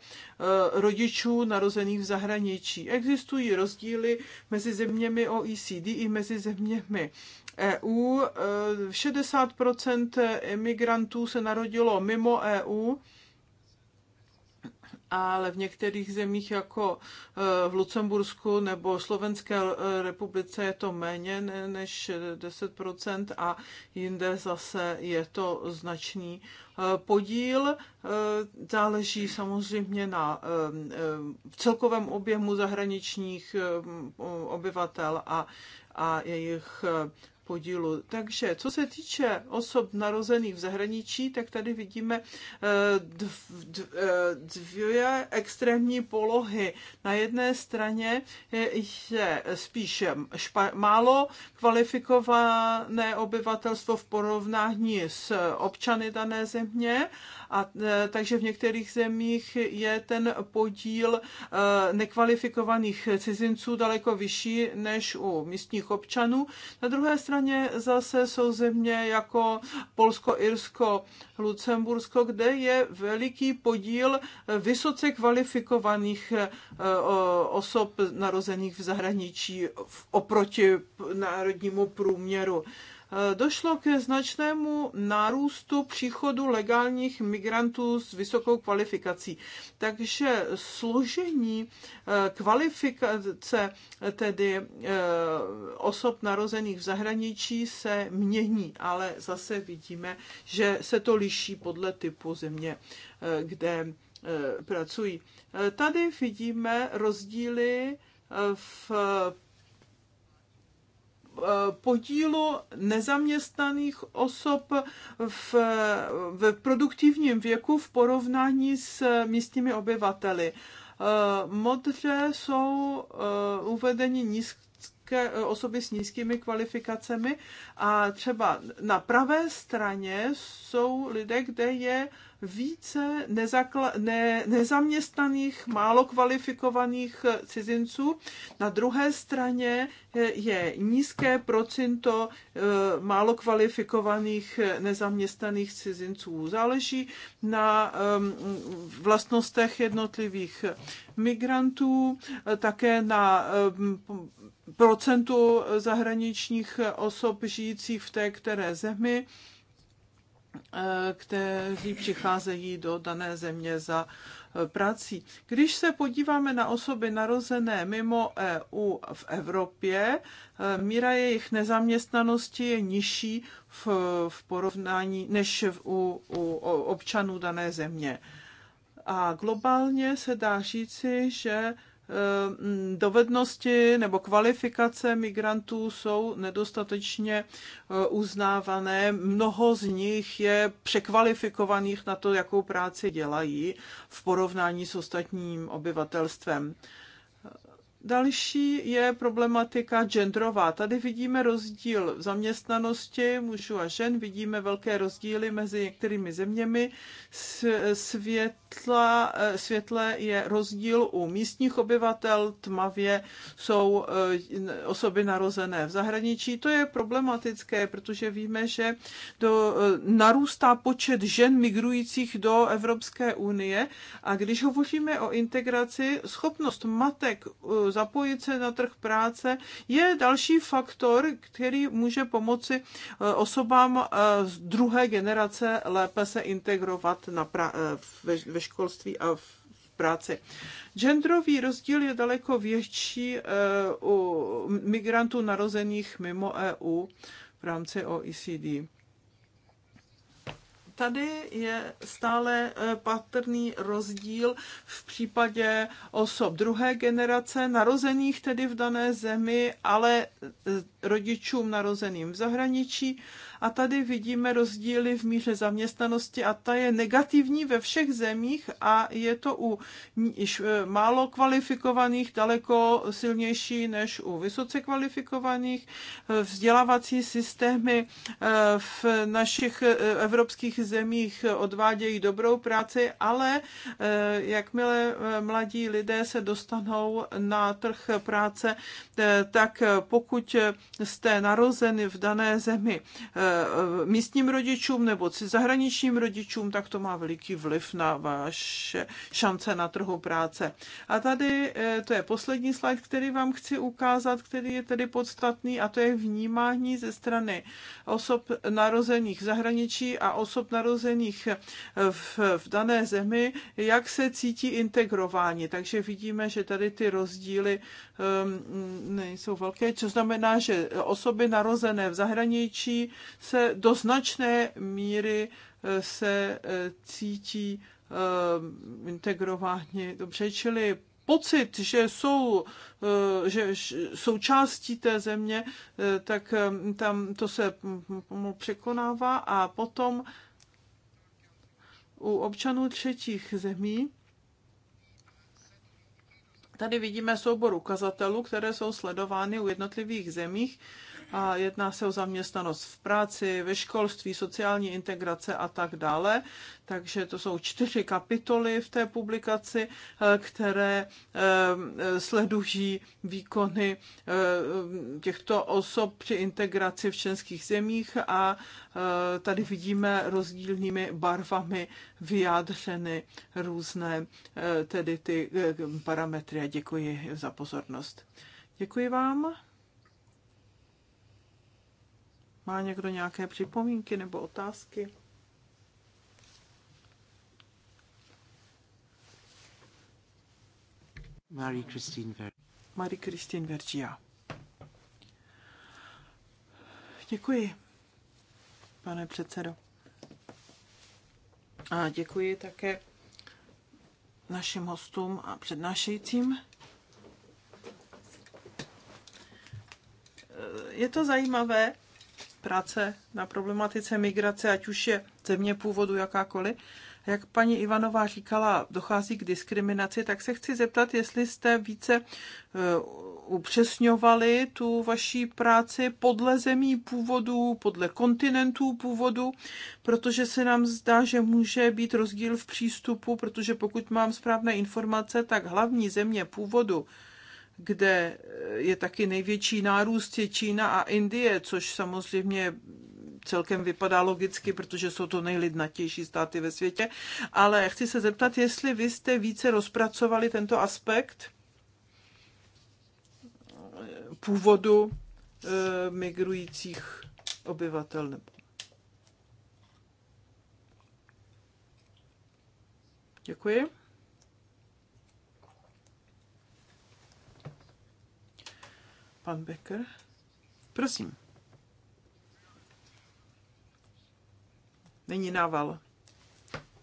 rodičů narozených v zahraničí. Existují rozdíly mezi zeměmi OECD i mezi zeměmi EU. 60 imigrantů se narodilo mimo EU ale v některých zemích jako eh, v Lucembursku nebo Slovenské eh, republice je to méně než 10% a jinde zase je to značný eh, podíl. Záleží samozřejmě na celkovém objemu zahraničních obyvatel a, a jejich podílu. Takže co se týče osob narozených v zahraničí, tak tady vidíme eh, eh, dvě extrémní polohy. Na jedné straně je spíše eh, málo kvalifikované obyvatelstvo v porovnání s občany dané země a e, takže v některých zemích je ten podíl e, nekvalifikovaných cizinců daleko vyšší než u místních občanů. Na druhé straně zase jsou země jako Polsko, Irsko, Lucembursko, kde je veliký podíl vysoce kvalifikovaných e, osob narozených v zahraničí oproti národnímu průměru. Eh, došlo ke značnému nárůstu příchodu legálních migrantů s vysokou kvalifikací. Takže složení eh, kvalifikace eh, tedy osob narozených v zahraničí se mění, ale zase vidíme, že se to liší podle typu země, kde pracují. Tady vidíme rozdíly v Eh, podílu nezaměstnaných osob v, v produktivním věku v porovnání s místními obyvateli. Eh, modře jsou eh, uvedeni nízk nízké, osoby s nízkými kvalifikacemi a třeba na pravé straně jsou lidé, kde je více nezakla- ne- nezaměstnaných, málo kvalifikovaných eh, cizinců. Na druhé straně eh, je nízké procento eh, málo kvalifikovaných nezaměstnaných cizinců. Záleží na ehm, vlastnostech jednotlivých migrantů, také na ehm, procentu zahraničních osob žijících v té které zemi Eh, kteří přicházejí do dané země za eh, prací. Když se podíváme na osoby narozené mimo EU v Evropě, eh, míra jejich nezaměstnanosti je nižší v, v porovnání než u, u občanů dané země. A globálně se dá říci, že Eh, dovednosti nebo kvalifikace migrantů jsou nedostatečně eh, uznávané. Mnoho z nich je překvalifikovaných na to, jakou práci dělají v porovnání s ostatním obyvatelstvem. Další je problematika genderová. Tady vidíme rozdíl v zaměstnanosti mužů a žen, vidíme velké rozdíly mezi některými zeměmi. Světla, eh, světle je rozdíl u místních obyvatel, tmavě jsou eh, osoby narozené v zahraničí. To je problematické, protože víme, že do, eh, narůstá počet žen migrujících do Evropské unie a když hovoříme o integraci, schopnost matek zapojit se na trh práce, je další faktor, který může pomoci eh, osobám eh, z druhé generace lépe se integrovat na pra- eh, ve, ve školství a v práci. Genderový rozdíl je daleko větší u migrantů narozených mimo EU v rámci OECD tady je stále eh, patrný rozdíl v případě osob druhé generace, narozených tedy v dané zemi, ale eh, rodičům narozeným v zahraničí. A tady vidíme rozdíly v míře zaměstnanosti a ta je negativní ve všech zemích a je to u eh, málo kvalifikovaných daleko silnější než u vysoce kvalifikovaných. Eh, vzdělávací systémy eh, v našich evropských zemích odvádějí dobrou práci, ale jakmile mladí lidé se dostanou na trh práce, tak pokud jste narozeny v dané zemi eh, místním rodičům nebo zahraničním rodičům, tak to má veliký vliv na vaše šance na trhu práce. A tady eh, to je poslední slide, který vám chci ukázat, který je tedy podstatný a to je vnímání ze strany osob narozených v zahraničí a osob narozených eh, v, v dané zemi, jak se cítí integrováni. Takže vidíme, že tady ty rozdíly um, nejsou velké, co znamená, že osoby narozené v zahraničí se do značné míry eh, se eh, cítí eh, integrováni dobře, čili pocit, že jsou že součástí té země, tak tam to se překonává a potom u občanů třetích zemí Tady vidíme soubor ukazatelů, které jsou sledovány u jednotlivých zemích a jedná se o zaměstnanost v práci, ve školství, sociální integrace a tak dále. Takže to jsou čtyři kapitoly v té publikaci, eh, které eh, sledují výkony eh, těchto osob při integraci v členských zemích a tady vidíme rozdílnými barvami vyjádřeny různé tedy ty parametry a děkuji za pozornost. Děkuji vám. Má někdo nějaké připomínky nebo otázky? Marie-Christine Ver- Marie-Christine Vergia. Děkuji, pane předsedo. A děkuji také našim hostům a přednášejícím. Je to zajímavé, práce na problematice migrace, ať už je země původu jakákoliv. Jak paní Ivanová říkala, dochází k diskriminaci, tak se chci zeptat, jestli jste více eh, upřesňovali tu vaší práci podle zemí původu, podle kontinentů původu, protože se nám zdá, že může být rozdíl v přístupu, protože pokud mám správné informace, tak hlavní země původu kde eh, je taky největší nárůst je Čína a Indie, což samozřejmě celkem vypadá logicky, protože jsou to nejlidnatější státy ve světě. Ale chci se zeptat, jestli vy jste více rozpracovali tento aspekt původu eh, migrujících obyvatel nebo Děkuji. Pan Becker. Prosím. Není nával.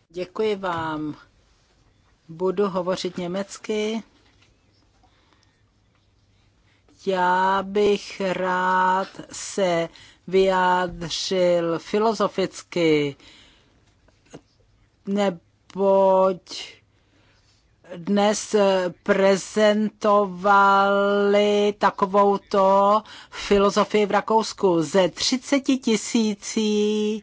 Děkuji vám. Budu hovořit německy. Já bych rád se vyjádřil filozoficky, neboť dnes eh, prezentovali takovouto filozofii v Rakousku. Ze 30 tisící eh,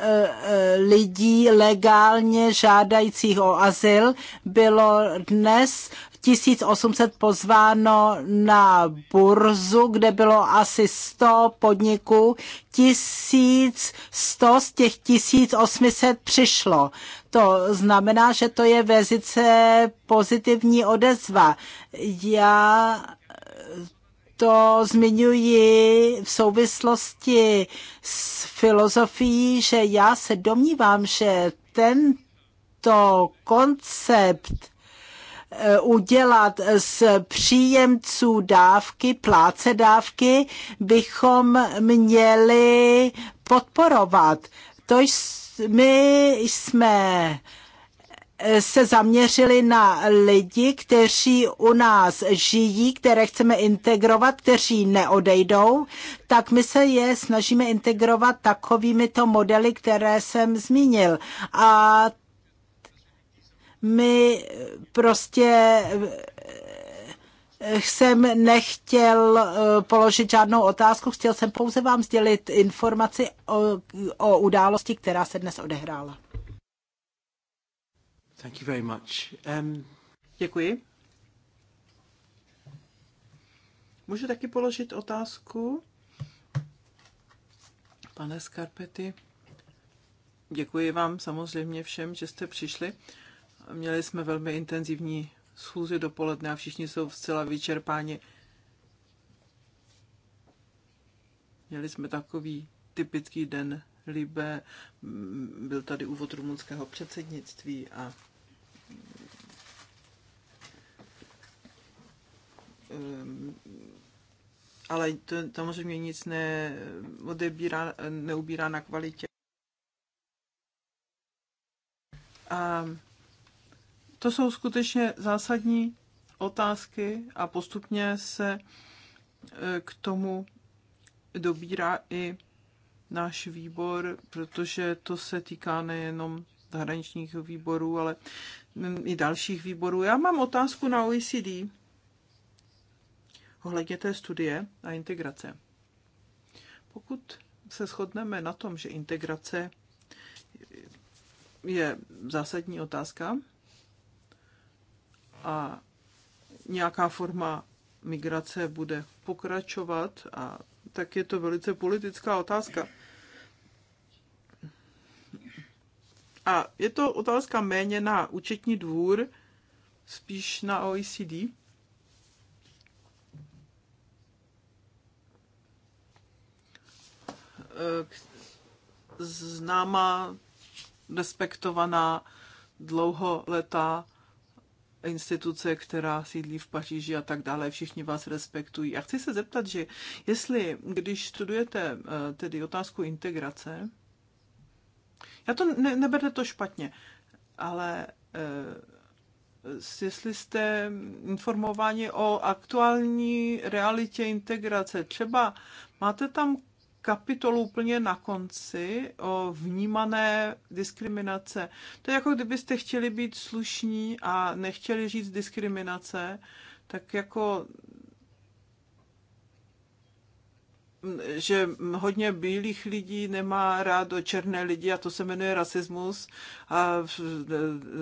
eh, lidí legálně žádajících o azyl bylo dnes 1800 pozváno na burzu, kde bylo asi 100 podniků, 1100 z těch 1800 přišlo. To znamená, že to je vezice pozitivní odezva. Já to zmiňuji v souvislosti s filozofií, že já se domnívám, že tento koncept eh, udělat z příjemců dávky, pláce dávky, bychom měli podporovat. To jsou my jsme eh, se zaměřili na lidi, kteří u nás žijí, které chceme integrovat, kteří neodejdou, tak my se je snažíme integrovat takovými to modely, které jsem zmínil. A my prostě eh, jsem nechtěl eh, položit žádnou otázku, chtěl jsem pouze vám sdělit informaci o, o události, která se dnes odehrála. Thank you very much. Um... Děkuji. Můžu taky položit otázku? Pane Skarpety, děkuji vám samozřejmě všem, že jste přišli. Měli jsme velmi intenzivní schůzi dopoledne a všichni jsou zcela vyčerpáni. Měli jsme takový typický den Libe, byl tady úvod rumunského předsednictví a ehm, ale to samozřejmě nic neodebírá, neubírá na kvalitě. A to jsou skutečně zásadní otázky a postupně se e, k tomu dobírá i náš výbor, protože to se týká nejenom zahraničních výborů, ale mm, i dalších výborů. Já mám otázku na OECD ohledně té studie a integrace. Pokud se shodneme na tom, že integrace je zásadní otázka, a nějaká forma migrace bude pokračovat, a tak je to velice politická otázka. A je to otázka méně na účetní dvůr, spíš na OECD. Známá, respektovaná, dlouholetá instituce, která sídlí v Paříži a tak dále, všichni vás respektují. A chci se zeptat, že jestli, když studujete eh, tedy otázku integrace, já to ne, neberte to špatně, ale eh, jestli jste informováni o aktuální realitě integrace. Třeba máte tam kapitolu úplně na konci o vnímané diskriminace. To je jako kdybyste chtěli být slušní a nechtěli říct diskriminace, tak jako že hodně bílých lidí nemá rádo černé lidi a to se jmenuje rasismus a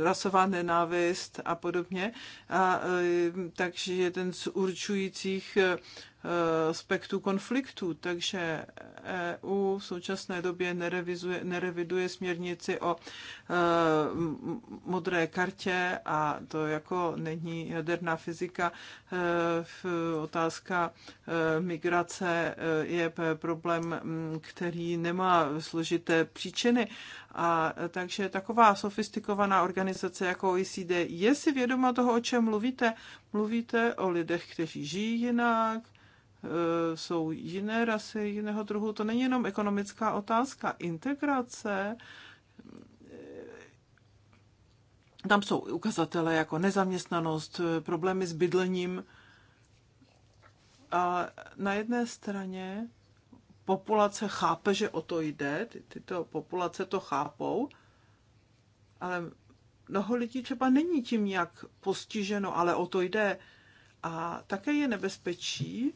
rasová nenávist a podobně. A, e, takže jeden z určujících Eh, spektru konfliktů, takže EU v současné době nereviduje směrnici o eh, modré kartě a to jako není jaderná fyzika. Eh, otázka migrace je problém, mm, který nemá složité příčiny. A takže taková sofistikovaná organizace jako OECD je si vědoma toho, o čem mluvíte. Mluvíte o lidech, kteří žijí jinak, E, jsou jiné rasy, jiného druhu. To není jenom ekonomická otázka. Integrace e, tam jsou ukazatele jako nezaměstnanost, e, problémy s bydlením. A na jedné straně populace chápe, že o to jde, ty, tyto populace to chápou, ale mnoho lidí třeba není tím nějak postiženo, ale o to jde. A také je nebezpečí,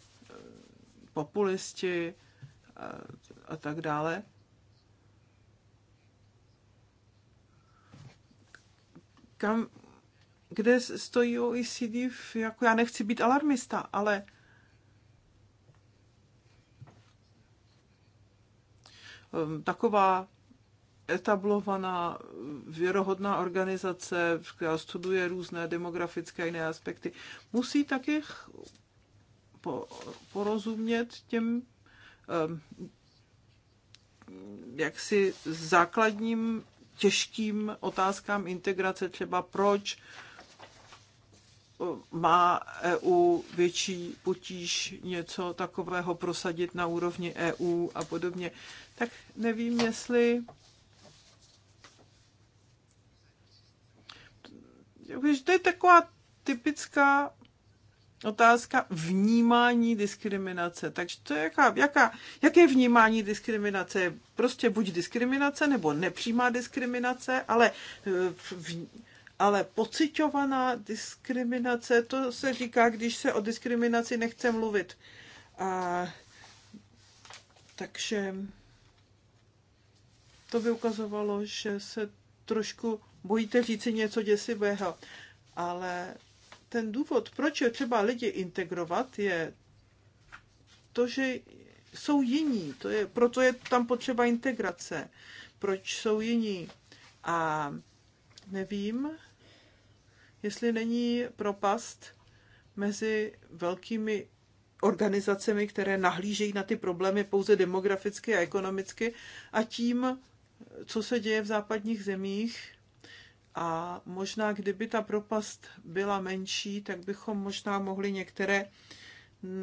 populisti a, a tak dále. Kam, kde stojí OECD, v, jako já nechci být alarmista, ale um, taková etablovaná věrohodná organizace, která studuje různé demografické a jiné aspekty, musí taky porozumět těm jaksi základním těžkým otázkám integrace, třeba proč eh, má EU větší potíž něco takového prosadit na úrovni EU a podobně. Tak nevím, jestli to je taková typická otázka vnímání diskriminace. Takže to je jaká, jaká, jaké vnímání diskriminace? prostě buď diskriminace nebo nepřímá diskriminace, ale, eh, v, ale pocitovaná diskriminace, to se říká, když se o diskriminaci nechce mluvit. A, takže to by ukazovalo, že se trošku bojíte říci něco děsivého, ale ten důvod, proč je třeba lidi integrovat, je to, že jsou jiní. To je, proto je tam potřeba integrace. Proč jsou jiní? A nevím, jestli není propast mezi velkými organizacemi, které nahlížejí na ty problémy pouze demograficky a ekonomicky a tím, co se děje v západních zemích, a možná, kdyby ta propast byla menší, tak bychom možná mohli některé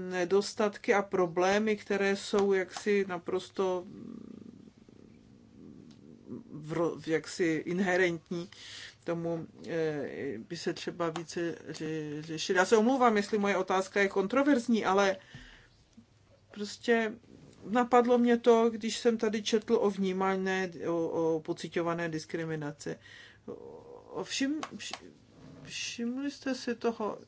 nedostatky a problémy, které jsou jaksi naprosto v, jaksi inherentní, tomu eh, by se třeba více řešit. Já se omlouvám, jestli moje otázka je kontroverzní, ale prostě napadlo mě to, když jsem tady četl o vnímané, o, o pocitované diskriminaci. Všim, všimli jste si toho?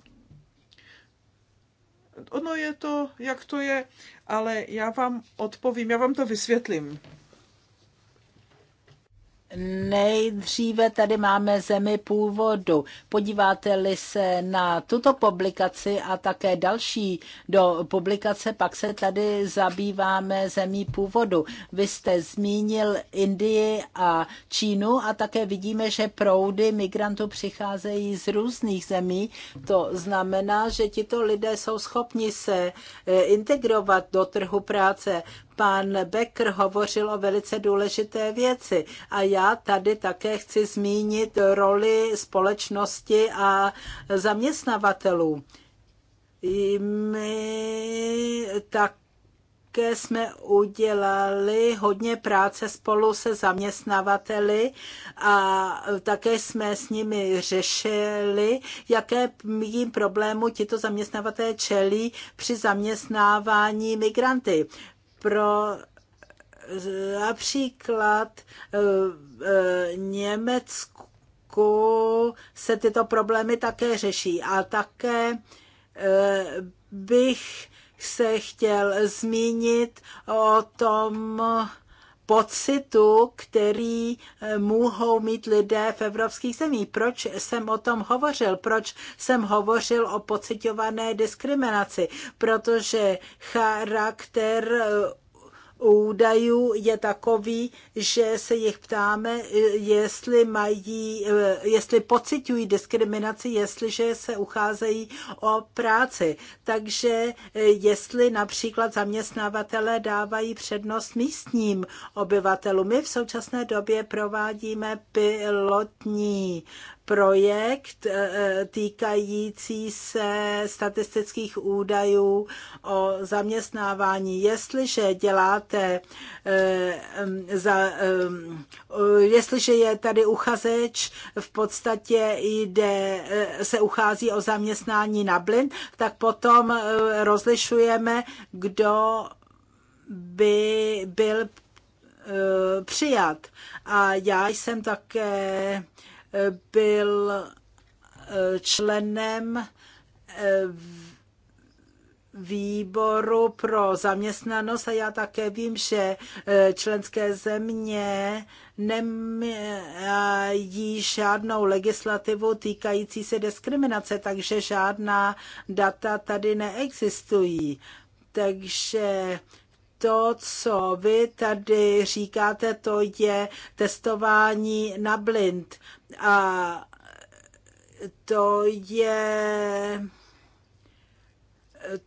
Ono je to, jak to je, ale já vám odpovím, já vám to vysvětlím. Nejdříve tady máme zemi původu. Podíváte-li se na tuto publikaci a také další do publikace, pak se tady zabýváme zemí původu. Vy jste zmínil Indii a Čínu a také vidíme, že proudy migrantů přicházejí z různých zemí. To znamená, že tito lidé jsou schopni se eh, integrovat do trhu práce pan Becker hovořil o velice důležité věci a já tady také chci zmínit roli společnosti a zaměstnavatelů. My tak také jsme udělali hodně práce spolu se zaměstnavateli a také jsme s nimi řešili, jaké jim problému tito zaměstnavatelé čelí při zaměstnávání migranty pro například eh, eh, Německu se tyto problémy také řeší. A také eh, bych se chtěl zmínit o tom, pocitu, který eh, mohou mít lidé v evropských zemích. Proč jsem o tom hovořil? Proč jsem hovořil o pocitované diskriminaci? Protože charakter eh, údajů je takový, že se jich ptáme, jestli mají, jestli pocitují diskriminaci, jestliže se ucházejí o práci. Takže jestli například zaměstnavatele dávají přednost místním obyvatelům. My v současné době provádíme pilotní projekt eh, eh, týkající se statistických údajů o zaměstnávání. Jestliže děláte, eh, jestliže je tady uchazeč, v podstatě jde, se uchází o zaměstnání na blind, tak potom rozlišujeme, kdo by byl přijat. A já jsem také byl eh, členem eh, výboru pro zaměstnanost a já také vím, že eh, členské země nemají žádnou legislativu týkající se diskriminace, takže žádná data tady neexistují. Takže to, co vy tady říkáte, to je testování na blind. A to je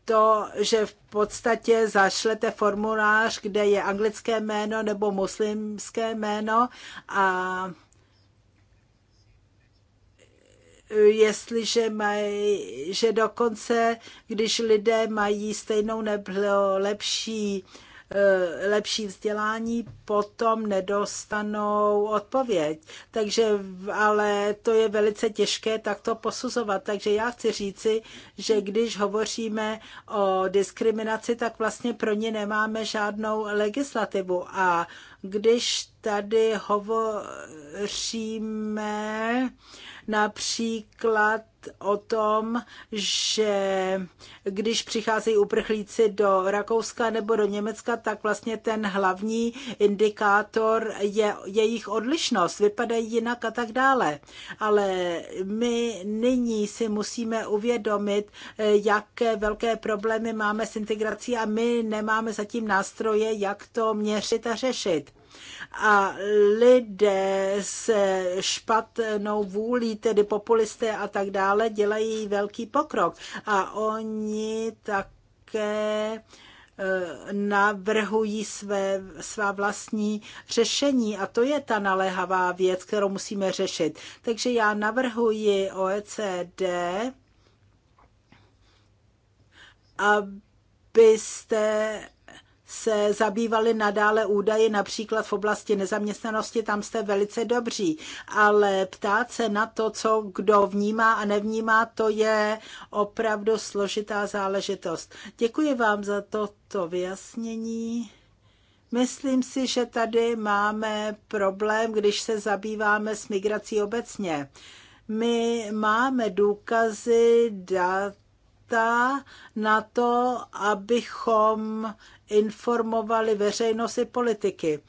to, že v podstatě zašlete formulář, kde je anglické jméno nebo muslimské jméno a jestliže mají, že dokonce, když lidé mají stejnou nebo lepší, eh, lepší vzdělání, potom nedostanou odpověď. Takže, ale to je velice těžké takto posuzovat. Takže já chci říci, že když hovoříme o diskriminaci, tak vlastně pro ně nemáme žádnou legislativu. A když tady hovoříme například o tom, že když přicházejí uprchlíci do Rakouska nebo do Německa, tak vlastně ten hlavní indikátor je jejich odlišnost, vypadají jinak a tak dále. Ale my nyní si musíme uvědomit, jaké velké problémy máme s integrací a my nemáme zatím nástroje, jak to měřit a řešit a lidé se špatnou vůlí, tedy populisté a tak dále, dělají velký pokrok. A oni také eh, navrhují své, svá vlastní řešení a to je ta naléhavá věc, kterou musíme řešit. Takže já navrhuji OECD, abyste se zabývali nadále údaje, například v oblasti nezaměstnanosti, tam jste velice dobří, ale ptát se na to, co kdo vnímá a nevnímá, to je opravdu složitá záležitost. Děkuji vám za toto vyjasnění. Myslím si, že tady máme problém, když se zabýváme s migrací obecně. My máme důkazy, dat, data na to, abychom informovali veřejnost i politiky.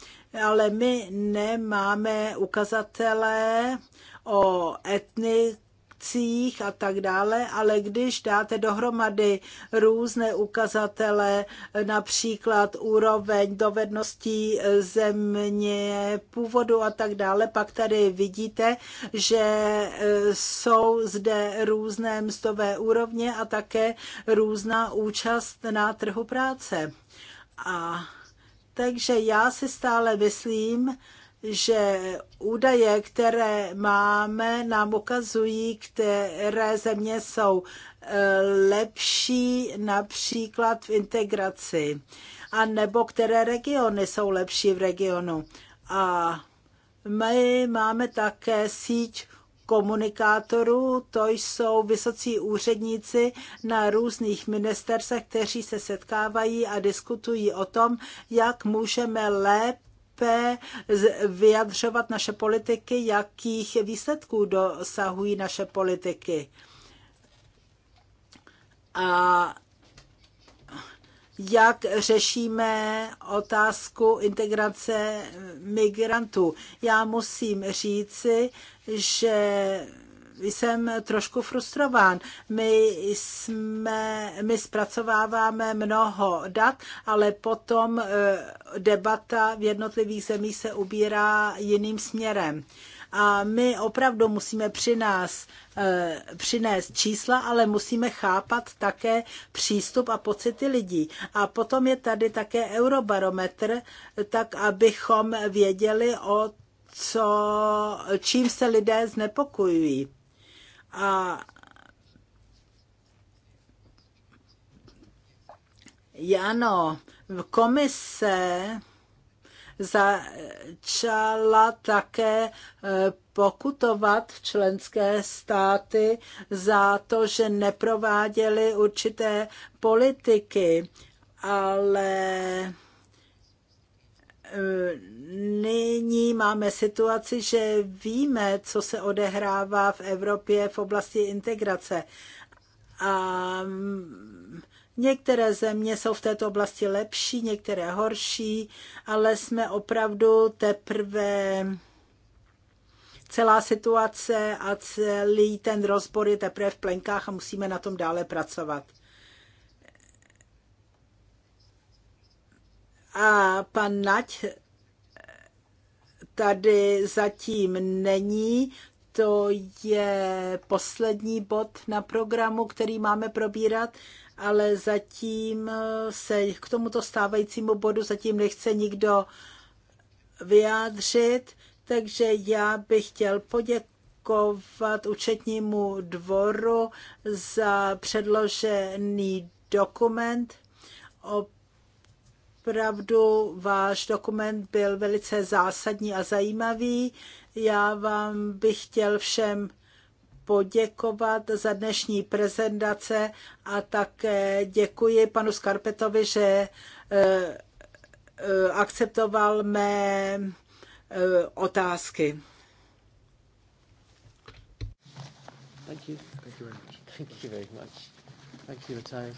Ale my nemáme ukazatele o etnik akcích a tak dále, ale když dáte dohromady různé ukazatele, například úroveň dovedností země původu a tak dále, pak tady vidíte, že e, jsou zde různé mzdové úrovně a také různá účast na trhu práce. A takže já si stále myslím, že údaje, které máme, nám ukazují, které země jsou eh, lepší například v integraci, a nebo které regiony jsou lepší v regionu. A my máme také síť komunikátorů, to jsou vysocí úředníci na různých ministerstvech, kteří se setkávají a diskutují o tom, jak můžeme lépe lépe vyjadřovat naše politiky, jakých výsledků dosahují naše politiky. A jak řešíme otázku integrace migrantů. Já musím říci, že jsem trošku frustrován. My, jsme, my zpracováváme mnoho dat, ale potom eh, debata v jednotlivých zemích se ubírá jiným směrem. A my opravdu musíme při nás eh, přinést čísla, ale musíme chápat také přístup a pocity lidí. A potom je tady také eurobarometr, tak abychom věděli o co, čím se lidé znepokojují. A Jano, komise začala také eh, pokutovat členské státy za to, že neprováděly určité politiky, ale nyní máme situaci, že víme, co se odehrává v Evropě v oblasti integrace. A mm, některé země jsou v této oblasti lepší, některé horší, ale jsme opravdu teprve celá situace a celý ten rozbor je teprve v plenkách a musíme na tom dále pracovat. A pan Nať tady zatím není. To je poslední bod na programu, který máme probírat, ale zatím se k tomuto stávajícímu bodu zatím nechce nikdo vyjádřit, takže já bych chtěl poděkovat účetnímu dvoru za předložený dokument. O opravdu váš dokument byl velice zásadní a zajímavý. Já vám bych chtěl všem poděkovat za dnešní prezentace a také děkuji panu Skarpetovi, že e, e, akceptoval mé e, otázky. Thank you. Thank you very much. Thank you very much. Thank you, Matthias.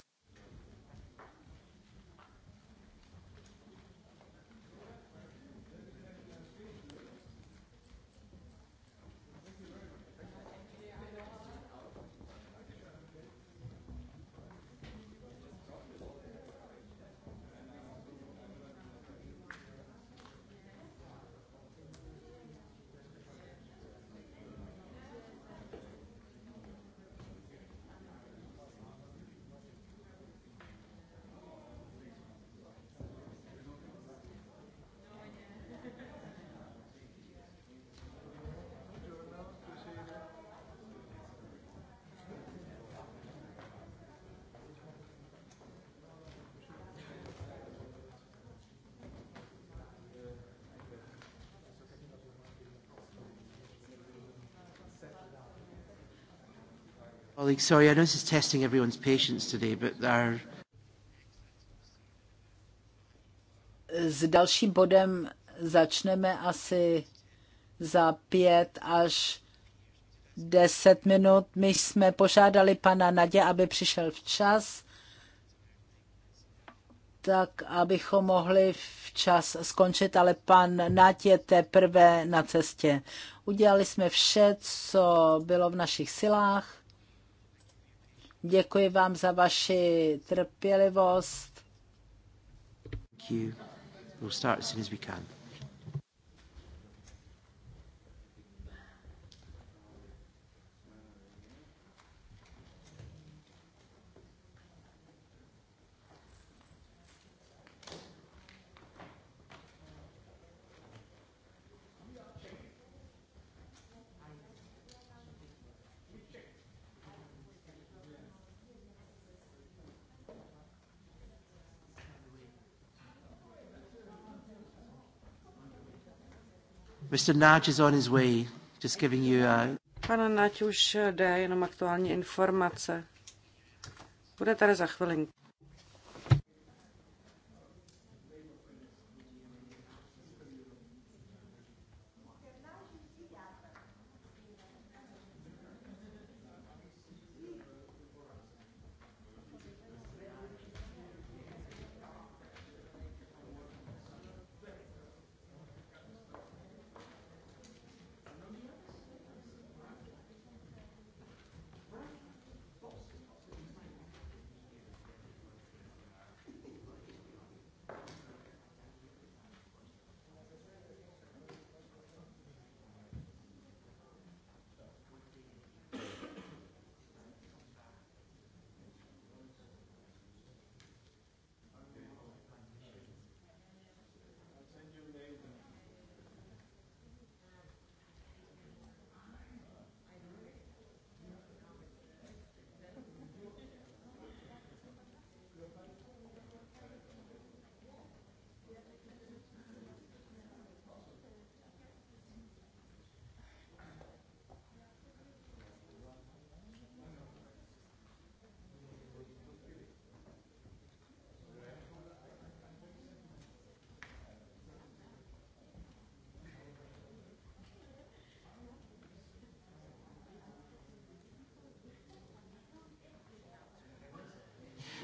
Colleague, sorry, I know this is testing everyone's patience today, but our... S dalším bodem začneme asi za pět až deset minut. My jsme požádali pana Nadě, aby přišel včas, tak abychom mohli včas skončit, ale pan Nadě je teprve na cestě. Udělali jsme vše, co bylo v našich silách. Děkuji vám za vaši trpělivost. Thank you. We'll start as soon as we can. Mr. Nudge is on his way, just giving you a... Uh, Pan už jde, jenom aktuální informace. Bude tady za chvilinku.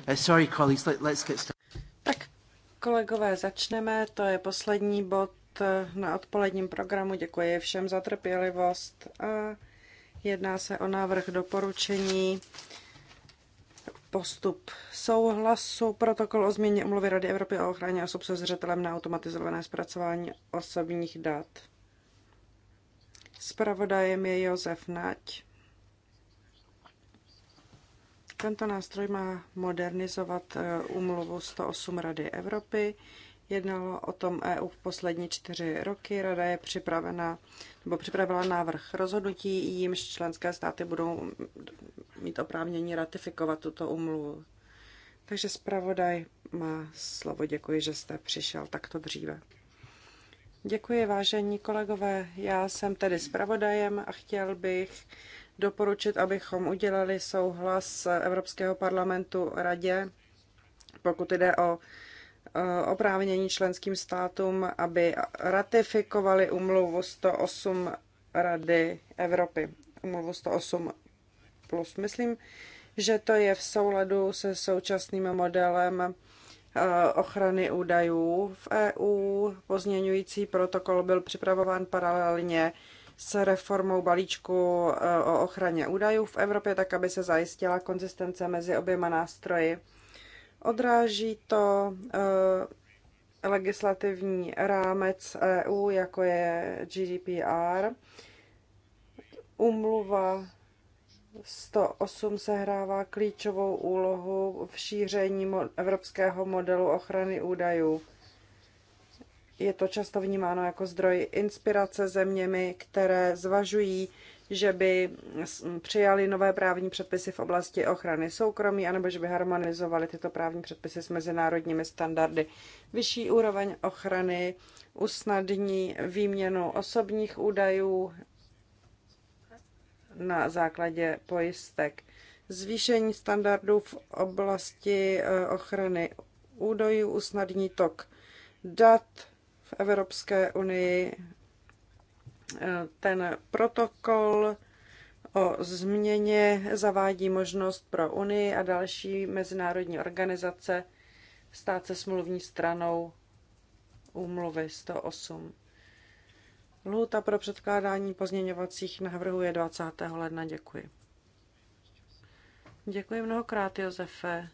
Eh, sorry, colleagues, let, let's get started. Tak, kolegové, začneme. To je poslední bod eh, na odpoledním programu. Děkuji všem za trpělivost. A jedná se o návrh doporučení postup souhlasu, protokol o změně umluvy Rady Evropy o ochraně osob se zřetelem na automatizované zpracování osobních dat. Spravodajem je Josef Nať. Tento nástroj má modernizovat eh, úmluvu 108 Rady Evropy. Jednalo o tom EU v poslední čtyři roky. Rada je připravena, nebo připravila návrh rozhodnutí, jimž členské státy budou mít oprávnění ratifikovat tuto úmluvu. Takže zpravodaj má slovo. Děkuji, že jste přišel takto dříve. Děkuji, vážení kolegové. Já jsem tedy zpravodajem a chtěl bych doporučit, abychom udělali souhlas Evropského parlamentu radě, pokud jde o eh, oprávnění členským státům, aby ratifikovali umluvu 108 Rady Evropy. Umluvu 108 plus. Myslím, že to je v souladu se současným modelem eh, ochrany údajů v EU. Pozměňující protokol byl připravován paralelně s reformou balíčku eh, o ochraně údajů v Evropě, tak aby se zajistila konzistence mezi oběma nástroji. Odráží to eh, legislativní rámec EU, jako je GDPR. Umluva 108 sehrává klíčovou úlohu v šíření evropského modelu ochrany údajů je to často vnímáno jako zdroj inspirace zeměmi, které zvažují, že by přijali nové právní předpisy v oblasti ochrany soukromí, anebo že by harmonizovali tyto právní předpisy s mezinárodními standardy. Vyšší úroveň ochrany usnadní výměnu osobních údajů na základě pojistek. Zvýšení standardů v oblasti eh, ochrany údajů usnadní tok dat Evropské unii. Eh, ten protokol o změně zavádí možnost pro Unii a další mezinárodní organizace stát se smluvní stranou úmluvy 108. Lhůta pro předkládání pozměňovacích návrhů je 20. ledna. Děkuji. Děkuji mnohokrát, Josefe.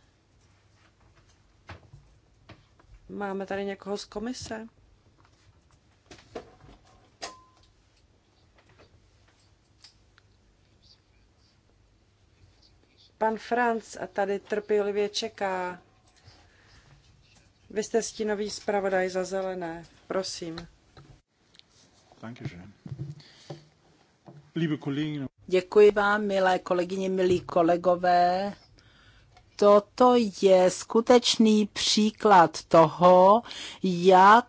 Máme tady někoho z komise? Pan Franc a tady trpělivě čeká. Vy jste stínový zpravodaj za zelené. Prosím. Děkuji vám, milé kolegyně, milí kolegové. Toto je skutečný příklad toho, jak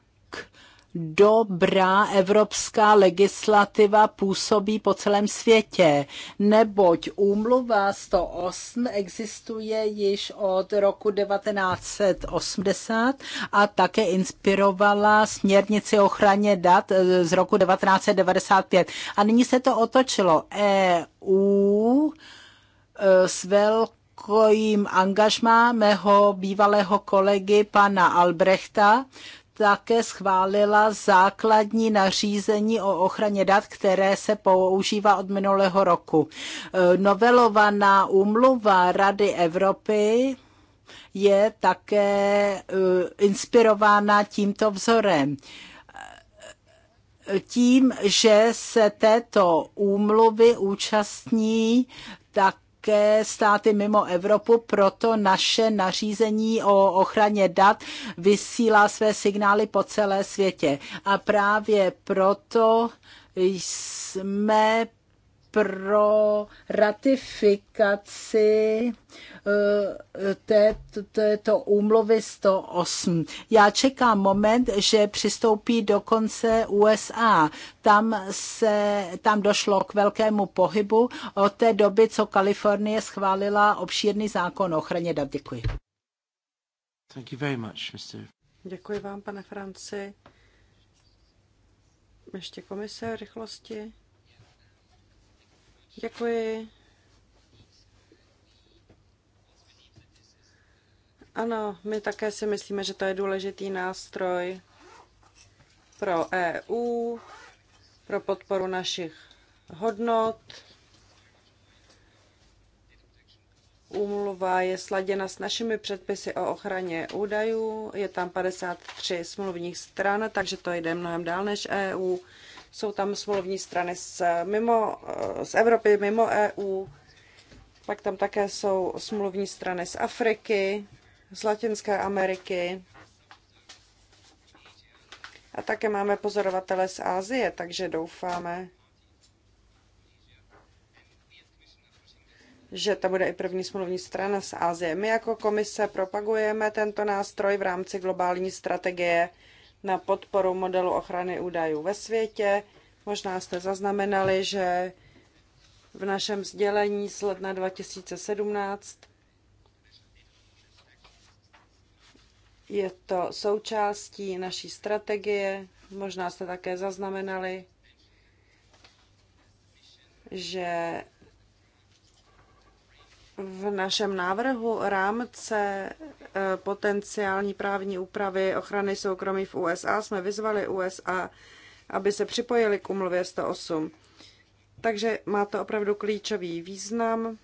dobrá evropská legislativa působí po celém světě, neboť úmluva 108 existuje již od roku 1980 a také inspirovala směrnici o ochraně dat z roku 1995. A nyní se to otočilo. EU e, s velkým angažmá mého bývalého kolegy pana Albrechta také schválila základní nařízení o ochraně dat, které se používá od minulého roku. Novelovaná úmluva Rady Evropy je také eh, inspirována tímto vzorem tím, že se této úmluvy účastní tak také státy mimo Evropu, proto naše nařízení o ochraně dat vysílá své signály po celé světě. A právě proto jsme pro ratifikaci této úmluvy 108. Já čekám moment, že přistoupí do konce USA. Tam, se, tam došlo k velkému pohybu od té doby, co Kalifornie schválila obšírný zákon o ochraně dat. Děkuji. Thank you very much, Mr. Děkuji vám, pane Franci. Ještě komise rychlosti. Děkuji. Ano, my také si myslíme, že to je důležitý nástroj pro EU, pro podporu našich hodnot. Úmluva je sladěna s našimi předpisy o ochraně údajů. Je tam 53 smluvních stran, takže to jde mnohem dál než EU. Jsou tam smluvní strany z, mimo, eh, z Evropy, mimo EU. Pak tam také jsou smluvní strany z Afriky, z Latinské Ameriky. A také máme pozorovatele z Ázie, takže doufáme, že to bude i první smluvní strana z Ázie. My jako komise propagujeme tento nástroj v rámci globální strategie na podporu modelu ochrany údajů ve světě. Možná jste zaznamenali, že v našem sdělení z ledna 2017 Je to součástí naší strategie. Možná jste také zaznamenali, že v našem návrhu rámce eh, potenciální právní úpravy ochrany soukromí v USA jsme vyzvali USA, aby se připojili k umluvě 108. Takže má to opravdu klíčový význam.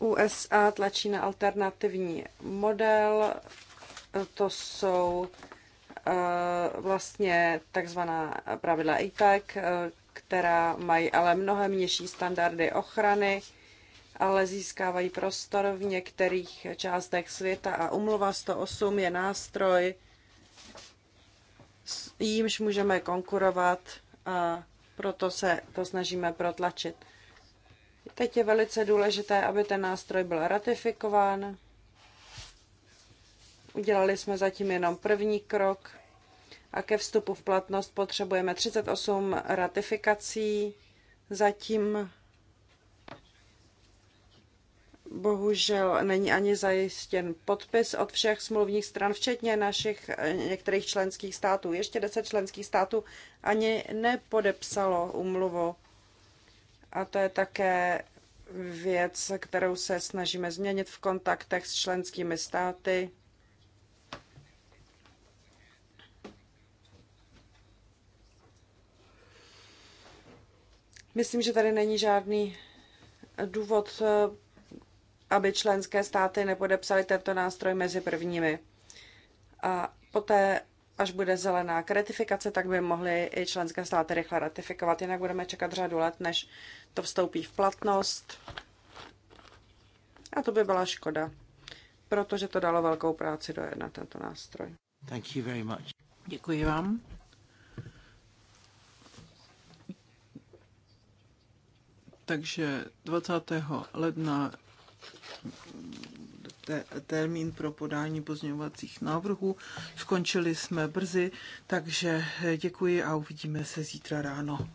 USA tlačí na alternativní model, to jsou eh, vlastně takzvaná pravidla APEC, e eh, která mají ale mnohem nižší standardy ochrany, ale získávají prostor v některých částech světa a umluva 108 je nástroj, s jímž můžeme konkurovat a proto se to snažíme protlačit. Teď je velice důležité, aby ten nástroj byl ratifikován. Udělali jsme zatím jenom první krok a ke vstupu v platnost potřebujeme 38 ratifikací. Zatím bohužel není ani zajištěn podpis od všech smluvních stran, včetně našich některých členských států. Ještě deset členských států ani nepodepsalo úmluvu a to je také věc, kterou se snažíme změnit v kontaktech s členskými státy. Myslím, že tady není žádný důvod, aby členské státy nepodepsaly tento nástroj mezi prvními. A poté až bude zelená k ratifikaci, tak by mohly i členské státy rychle ratifikovat, jinak budeme čekat řadu let, než to vstoupí v platnost. A to by byla škoda, protože to dalo velkou práci do jedna tento nástroj. Thank you very much. Děkuji vám. Takže 20. ledna termín pro podání pozměňovacích návrhů. Skončili jsme brzy, takže děkuji a uvidíme se zítra ráno.